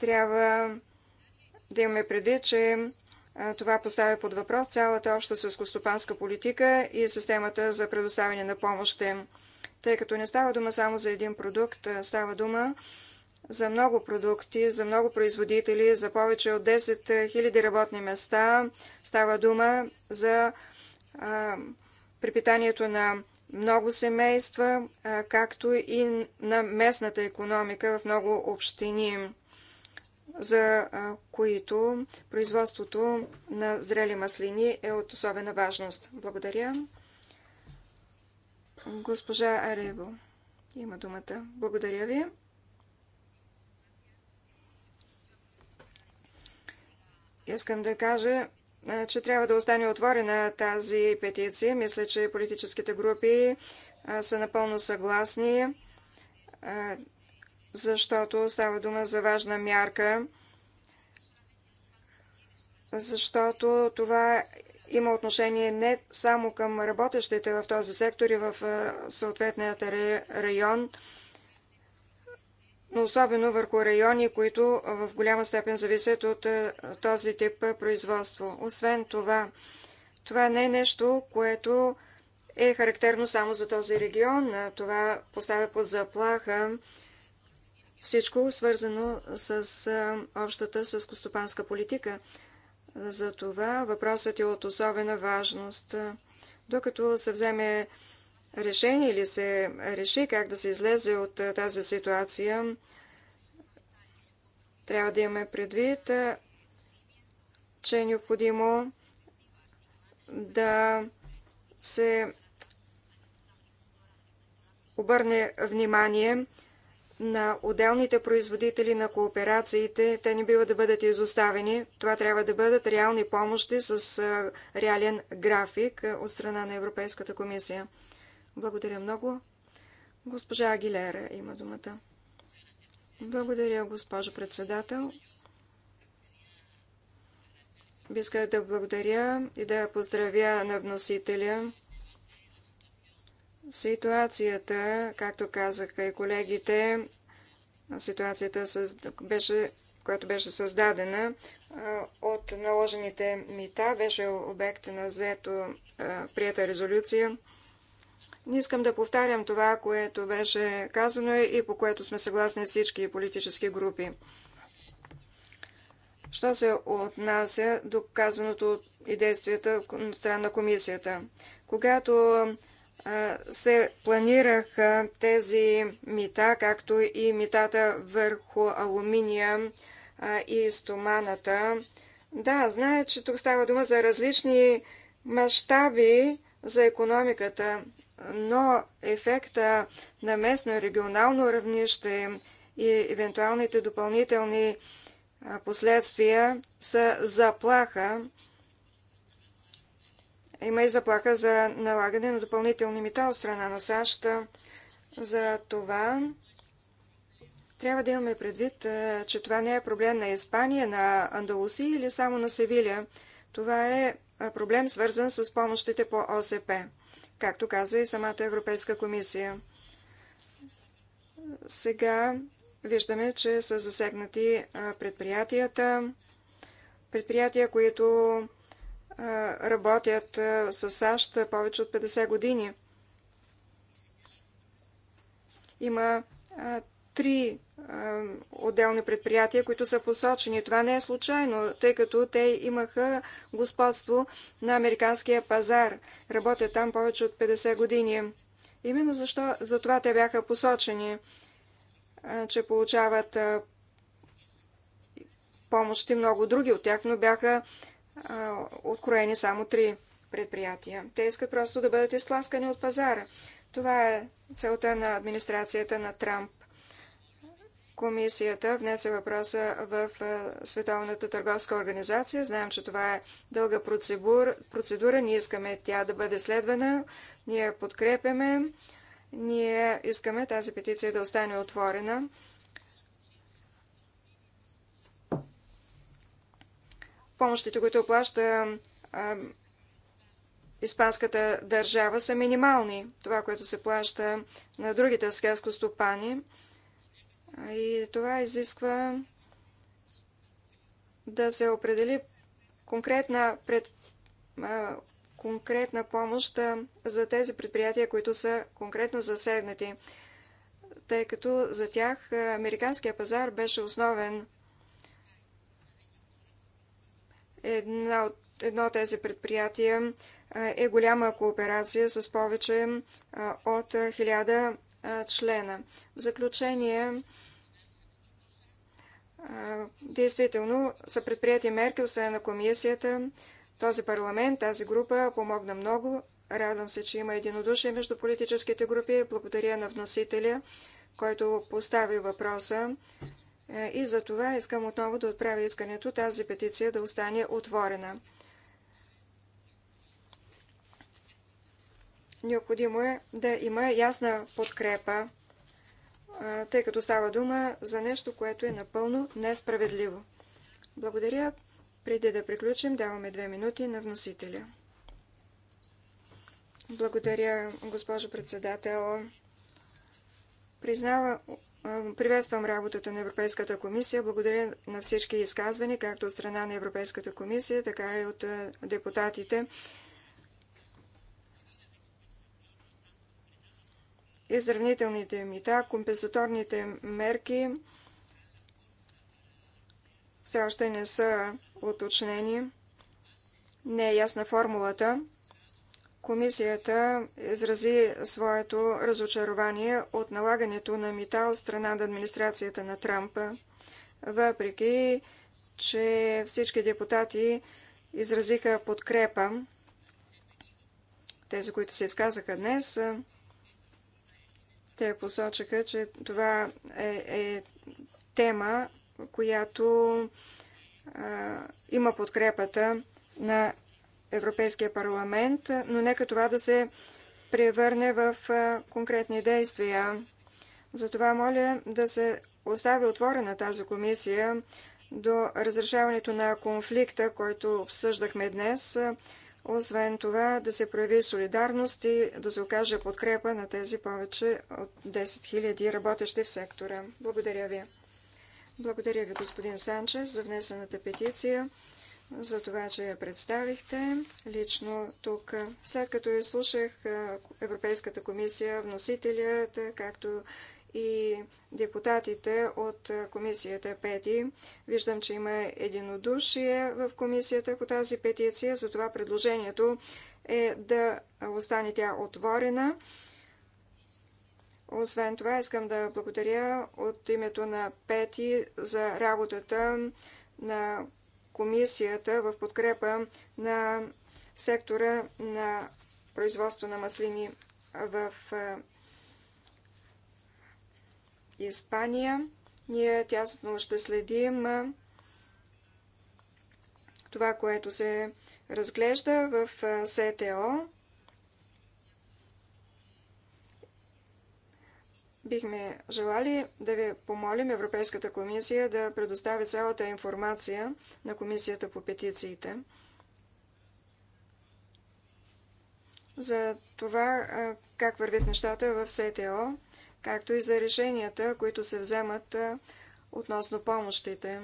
Трябва да имаме предвид, че това поставя под въпрос цялата обща съскостопанска политика и системата за предоставяне на помощи. Тъй като не става дума само за един продукт, става дума за много продукти, за много производители, за повече от 10 000 работни места. Става дума за а, припитанието на много семейства, а, както и на местната економика в много общини за които производството на зрели маслини е от особена важност. Благодаря. Госпожа Аребо има думата. Благодаря ви. Искам да кажа, че трябва да остане отворена тази петиция. Мисля, че политическите групи са напълно съгласни защото става дума за важна мярка, защото това има отношение не само към работещите в този сектор и в съответният район, но особено върху райони, които в голяма степен зависят от този тип производство. Освен това, това не е нещо, което е характерно само за този регион. Това поставя под заплаха всичко свързано с общата съскостопанска политика. За това въпросът е от особена важност. Докато се вземе решение или се реши как да се излезе от тази ситуация, трябва да имаме предвид, че е необходимо да се обърне внимание на отделните производители на кооперациите, те не бива да бъдат изоставени. Това трябва да бъдат реални помощи с реален график от страна на Европейската комисия. Благодаря много. Госпожа Агилера има думата. Благодаря, госпожо председател. Бисках да благодаря и да поздравя на вносителя Ситуацията, както казаха и колегите, ситуацията беше, която беше създадена от наложените мита, беше обект на взето прията резолюция. Не искам да повтарям това, което беше казано и по което сме съгласни всички политически групи. Що се отнася до казаното и действията от страна на комисията? Когато се планираха тези мита, както и митата върху алуминия и стоманата. Да, знае, че тук става дума за различни мащаби за економиката, но ефекта на местно и регионално равнище и евентуалните допълнителни последствия са заплаха има и заплаха за налагане на допълнителни мита от страна на САЩ. За това трябва да имаме предвид, е, че това не е проблем на Испания, на Андалусия или само на Севилия. Това е, е проблем свързан с помощите по ОСП, както каза и самата Европейска комисия. Сега виждаме, че са засегнати е, предприятията, предприятия, които работят с САЩ повече от 50 години. Има три отделни предприятия, които са посочени. Това не е случайно, тъй като те имаха господство на американския пазар. Работят там повече от 50 години. Именно защо, за това те бяха посочени, че получават помощи много други от тях, но бяха откроени само три предприятия. Те искат просто да бъдат изтласкани от пазара. Това е целта на администрацията на Трамп. Комисията внесе въпроса в Световната търговска организация. Знаем, че това е дълга процедура. процедура. Ние искаме тя да бъде следвана. Ние подкрепяме. Ние искаме тази петиция да остане отворена. помощите, които плаща а, испанската държава, са минимални. Това, което се плаща на другите селско стопани. И това изисква да се определи конкретна, пред, а, конкретна помощ за тези предприятия, които са конкретно засегнати, тъй като за тях американския пазар беше основен Една от, едно от тези предприятия е голяма кооперация с повече от хиляда члена. В заключение, действително са предприяти мерки от страна на комисията. Този парламент, тази група помогна много. Радвам се, че има единодушие между политическите групи. Благодаря на вносителя, който постави въпроса е, и за това искам отново да отправя искането тази петиция да остане отворена. Необходимо е да има ясна подкрепа, е, тъй като става дума за нещо, което е напълно несправедливо. Благодаря. Преди да приключим, даваме две минути на вносителя. Благодаря, госпожо председател. Признава, Приветствам работата на Европейската комисия. Благодаря на всички изказвани, както от страна на Европейската комисия, така и от депутатите. Изравнителните мита, компенсаторните мерки все още не са уточнени. Не е ясна формулата Комисията изрази своето разочарование от налагането на мита от страна на администрацията на Трампа, въпреки че всички депутати изразиха подкрепа. Тези, които се изказаха днес, те посочиха, че това е, е тема, която а, има подкрепата на Европейския парламент, но нека това да се превърне в конкретни действия. Затова моля да се остави отворена тази комисия до разрешаването на конфликта, който обсъждахме днес. Освен това, да се прояви солидарност и да се окаже подкрепа на тези повече от 10 000 работещи в сектора. Благодаря ви. Благодаря ви, господин Санчес, за внесената петиция за това, че я представихте лично тук. След като изслушах Европейската комисия, вносителят, както и депутатите от комисията Пети. Виждам, че има единодушие в комисията по тази петиция, затова предложението е да остане тя отворена. Освен това, искам да благодаря от името на Пети за работата на комисията в подкрепа на сектора на производство на маслини в Испания. Ние тясно ще следим това, което се разглежда в СТО. Бихме желали да ви помолим Европейската комисия да предостави цялата информация на Комисията по петициите за това как вървят нещата в СТО, както и за решенията, които се вземат относно помощите,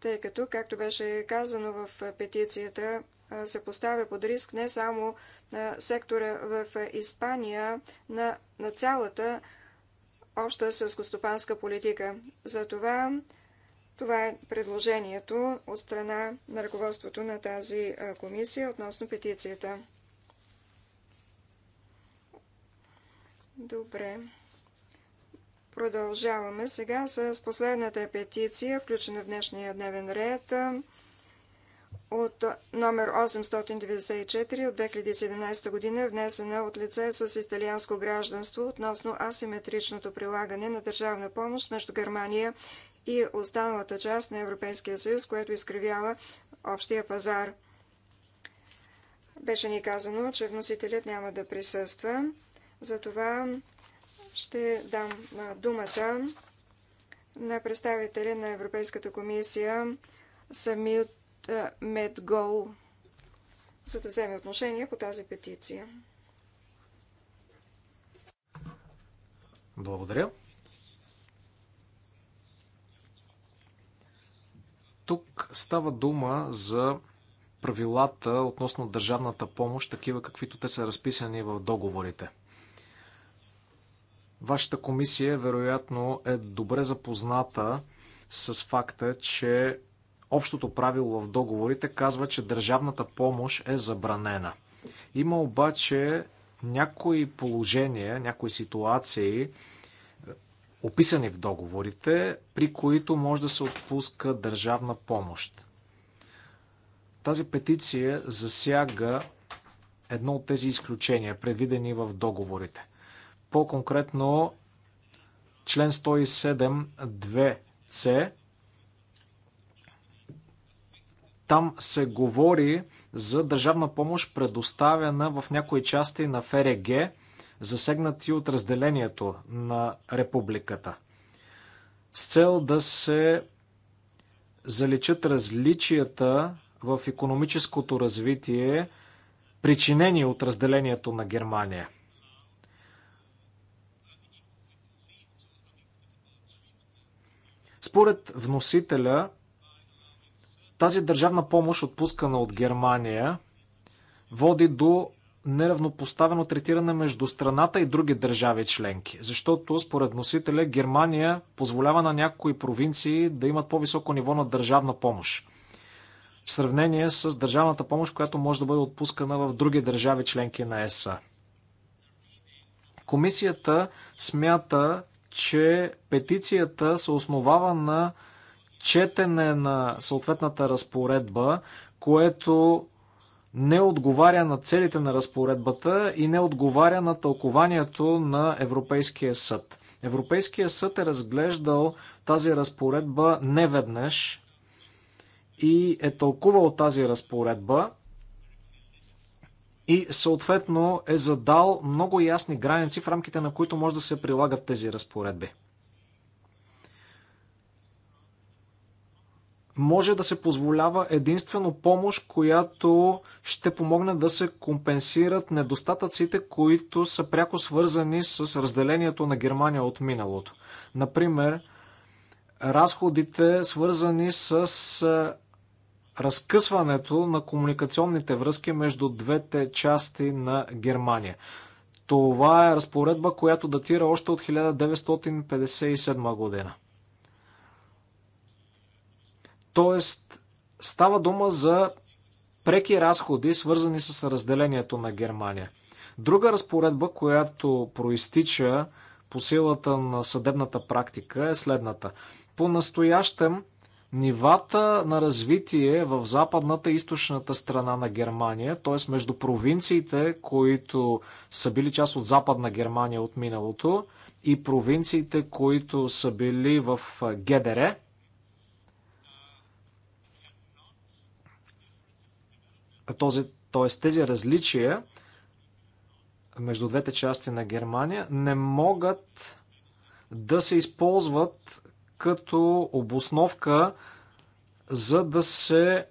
тъй като, както беше казано в петицията, се поставя под риск не само на сектора в Испания, на, на цялата обща сълскостопанска политика. Затова това е предложението от страна на ръководството на тази комисия относно петицията. Добре. Продължаваме сега с последната петиция, включена в днешния дневен ред от номер 894 от 2017 година, е внесена от лице с италианско гражданство относно асиметричното прилагане на държавна помощ между Германия и останалата част на Европейския съюз, което изкривява общия пазар. Беше ни казано, че вносителят няма да присъства. Затова ще дам думата на представители на Европейската комисия Самит Медгол, за да вземе отношение по тази петиция. Благодаря. Тук става дума за правилата относно държавната помощ, такива каквито те са разписани в договорите. Вашата комисия вероятно е добре запозната с факта, че Общото правило в договорите казва, че държавната помощ е забранена. Има обаче някои положения, някои ситуации, е, описани в договорите, при които може да се отпуска държавна помощ. Тази петиция засяга едно от тези изключения, предвидени в договорите. По-конкретно, член 2 c Там се говори за държавна помощ, предоставена в някои части на ФРГ, засегнати от разделението на републиката. С цел да се заличат различията в економическото развитие, причинени от разделението на Германия. Според вносителя, тази държавна помощ, отпускана от Германия, води до неравнопоставено третиране между страната и други държави членки. Защото според носителя Германия позволява на някои провинции да имат по-високо ниво на държавна помощ. В сравнение с държавната помощ, която може да бъде отпускана в други държави членки на ЕСА. Комисията смята, че петицията се основава на четене на съответната разпоредба, което не отговаря на целите на разпоредбата и не отговаря на тълкованието на Европейския съд. Европейския съд е разглеждал тази разпоредба неведнъж и е тълкувал тази разпоредба и съответно е задал много ясни граници, в рамките на които може да се прилагат тези разпоредби. може да се позволява единствено помощ, която ще помогне да се компенсират недостатъците, които са пряко свързани с разделението на Германия от миналото. Например, разходите свързани с разкъсването на комуникационните връзки между двете части на Германия. Това е разпоредба, която датира още от 1957 година. Тоест, става дума за преки разходи, свързани с разделението на Германия. Друга разпоредба, която проистича по силата на съдебната практика е следната. По настоящем нивата на развитие в западната и източната страна на Германия, т.е. между провинциите, които са били част от западна Германия от миналото и провинциите, които са били в ГДР, този, т.е. тези различия между двете части на Германия не могат да се използват като обосновка за да се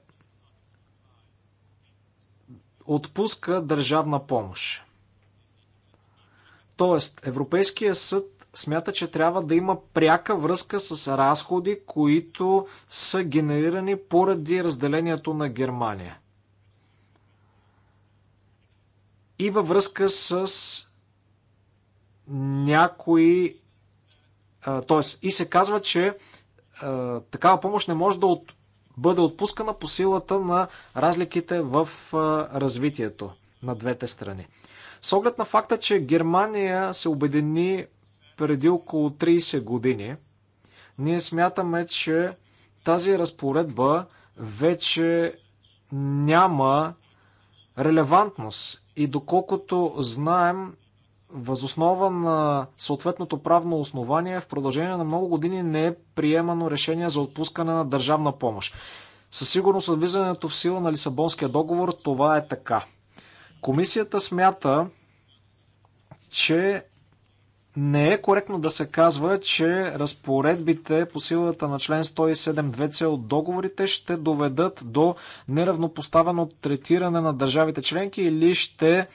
отпуска държавна помощ. Тоест, Европейския съд смята, че трябва да има пряка връзка с разходи, които са генерирани поради разделението на Германия. и във връзка с някои. Тоест, и се казва, че а, такава помощ не може да от, бъде отпускана по силата на разликите в а, развитието на двете страни. С оглед на факта, че Германия се обедини преди около 30 години, ние смятаме, че тази разпоредба вече няма релевантност и доколкото знаем, възоснова на съответното правно основание в продължение на много години не е приемано решение за отпускане на държавна помощ. Със сигурност от влизането в сила на Лисабонския договор това е така. Комисията смята, че не е коректно да се казва, че разпоредбите по силата на член 107.2c от договорите ще доведат до неравнопоставено третиране на държавите членки или ще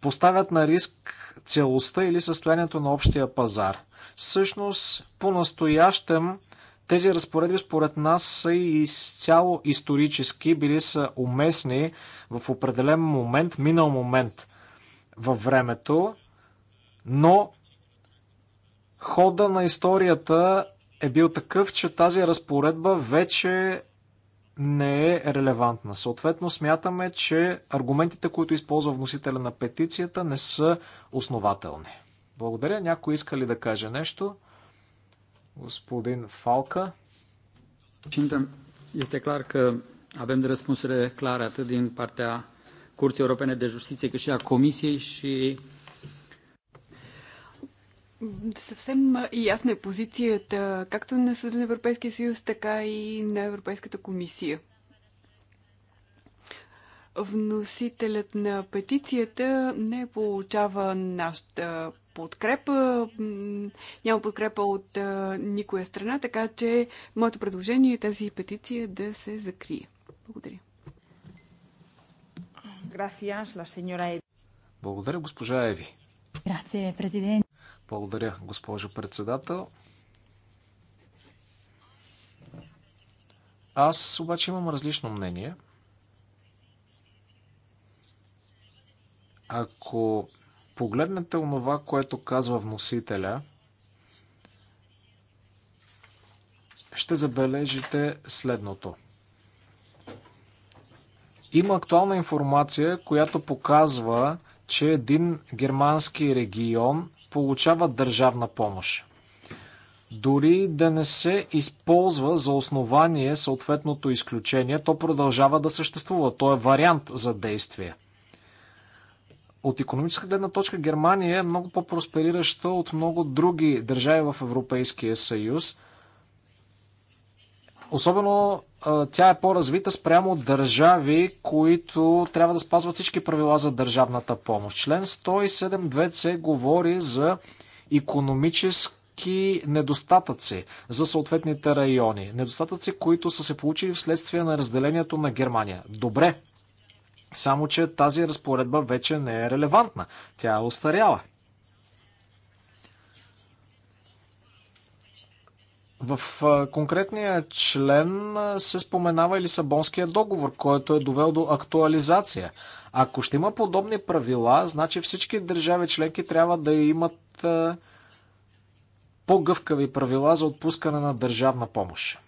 поставят на риск целостта или състоянието на общия пазар. Същност, по-настоящем тези разпоредби според нас са и изцяло исторически, били са уместни в определен момент, минал момент във времето, но хода на историята е бил такъв, че тази разпоредба вече не е релевантна. Съответно, смятаме, че аргументите, които използва вносителя на петицията, не са основателни. Благодаря. Някой иска ли да каже нещо? Господин Фалка. Este clar că avem de răspunsurile clare atât din partea Curții Europene de Justiție cât și a Comisiei și uh, Съвсем ясна е позицията както на Съда на Европейския съюз, така и на Европейската комисия. Вносителят на петицията не получава нашата подкрепа. Няма подкрепа от никоя страна, така че моето предложение е тази петиция да се закрие. Благодаря. Благодаря, госпожа Еви. Грация, президент. Благодаря, госпожо председател. Аз обаче имам различно мнение. Ако погледнете онова, което казва вносителя, ще забележите следното. Има актуална информация, която показва, че един германски регион получават държавна помощ. Дори да не се използва за основание съответното изключение, то продължава да съществува. То е вариант за действие. От економическа гледна точка Германия е много по-просперираща от много други държави в Европейския съюз. Особено тя е по-развита спрямо държави, които трябва да спазват всички правила за държавната помощ. Член 107.2c говори за економически недостатъци за съответните райони. Недостатъци, които са се получили вследствие на разделението на Германия. Добре, само че тази разпоредба вече не е релевантна. Тя е устаряла. В конкретния член се споменава и Лисабонския договор, който е довел до актуализация. Ако ще има подобни правила, значи всички държави членки трябва да имат по-гъвкави правила за отпускане на държавна помощ.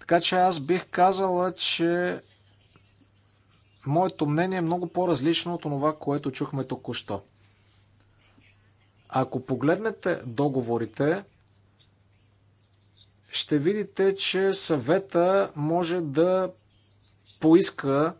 Така че аз бих казала, че моето мнение е много по-различно от това, което чухме току-що. Ако погледнете договорите, ще видите, че съвета може да поиска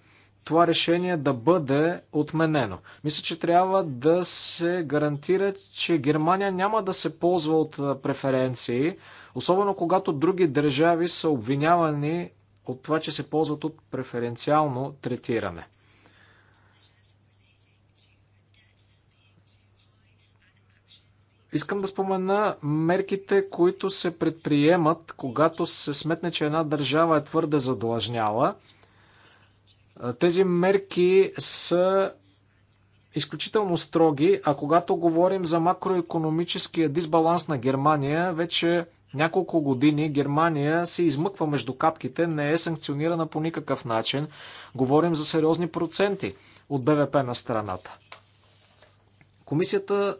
това решение да бъде отменено. Мисля, че трябва да се гарантира, че Германия няма да се ползва от преференции, особено когато други държави са обвинявани от това, че се ползват от преференциално третиране. Искам да спомена мерките, които се предприемат, когато се сметне, че една държава е твърде задлъжняла. Тези мерки са изключително строги, а когато говорим за макроекономическия дисбаланс на Германия, вече няколко години Германия се измъква между капките, не е санкционирана по никакъв начин. Говорим за сериозни проценти от БВП на страната. Комисията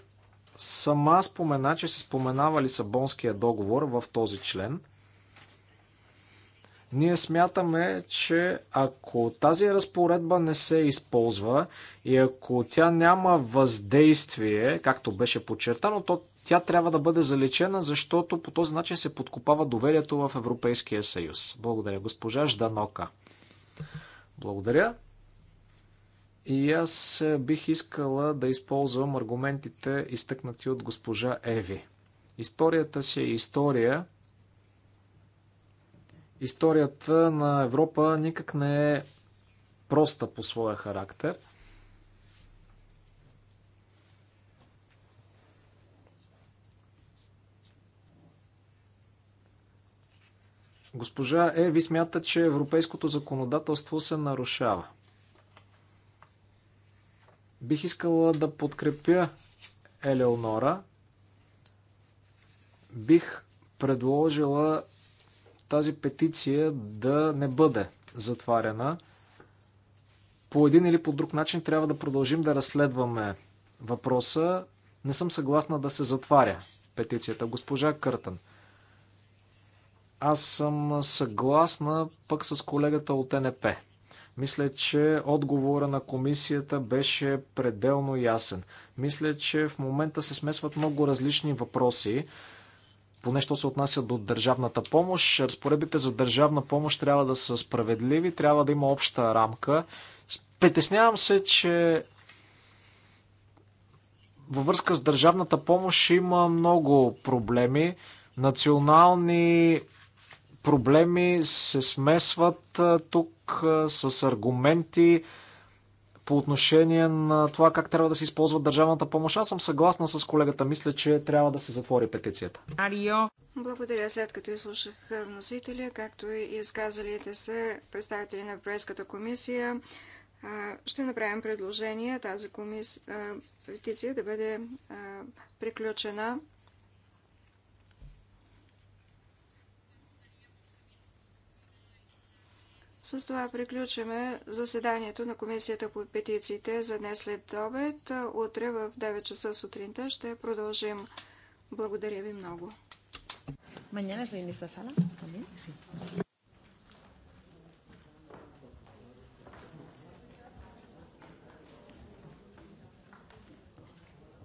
сама спомена, че се споменава Лисабонския договор в този член. Ние смятаме, че ако тази разпоредба не се използва и ако тя няма въздействие, както беше подчертано, то тя трябва да бъде залечена, защото по този начин се подкопава доверието в Европейския съюз. Благодаря, госпожа Жданока. Благодаря. И аз е, бих искала да използвам аргументите, изтъкнати от госпожа Еви. Историята си е история. Историята на Европа никак не е проста по своя характер. Госпожа Еви смята, че европейското законодателство се нарушава. Бих искала да подкрепя Елеонора. Бих предложила тази петиция да не бъде затваряна. По един или по друг начин трябва да продължим да разследваме въпроса. Не съм съгласна да се затваря петицията. Госпожа Къртън, аз съм съгласна пък с колегата от НП мисля, че отговора на комисията беше пределно ясен. Мисля, че в момента се смесват много различни въпроси. Поне що се отнася до държавната помощ, разпоредбите за държавна помощ трябва да са справедливи, трябва да има обща рамка. Притеснявам се, че във връзка с държавната помощ има много проблеми. Национални проблеми се смесват тук с аргументи по отношение на това как трябва да се използва държавната помощ. Аз съм съгласна с колегата. Мисля, че трябва да се затвори петицията. Благодаря. След като изслушах вносителя, както и изказалите се представители на Европейската комисия, ще направим предложение тази комис... петиция да бъде приключена С това приключваме заседанието на Комисията по петициите за днес след обед. Утре в 9 часа сутринта ще продължим. Благодаря ви много. Mañana sala también. Sí.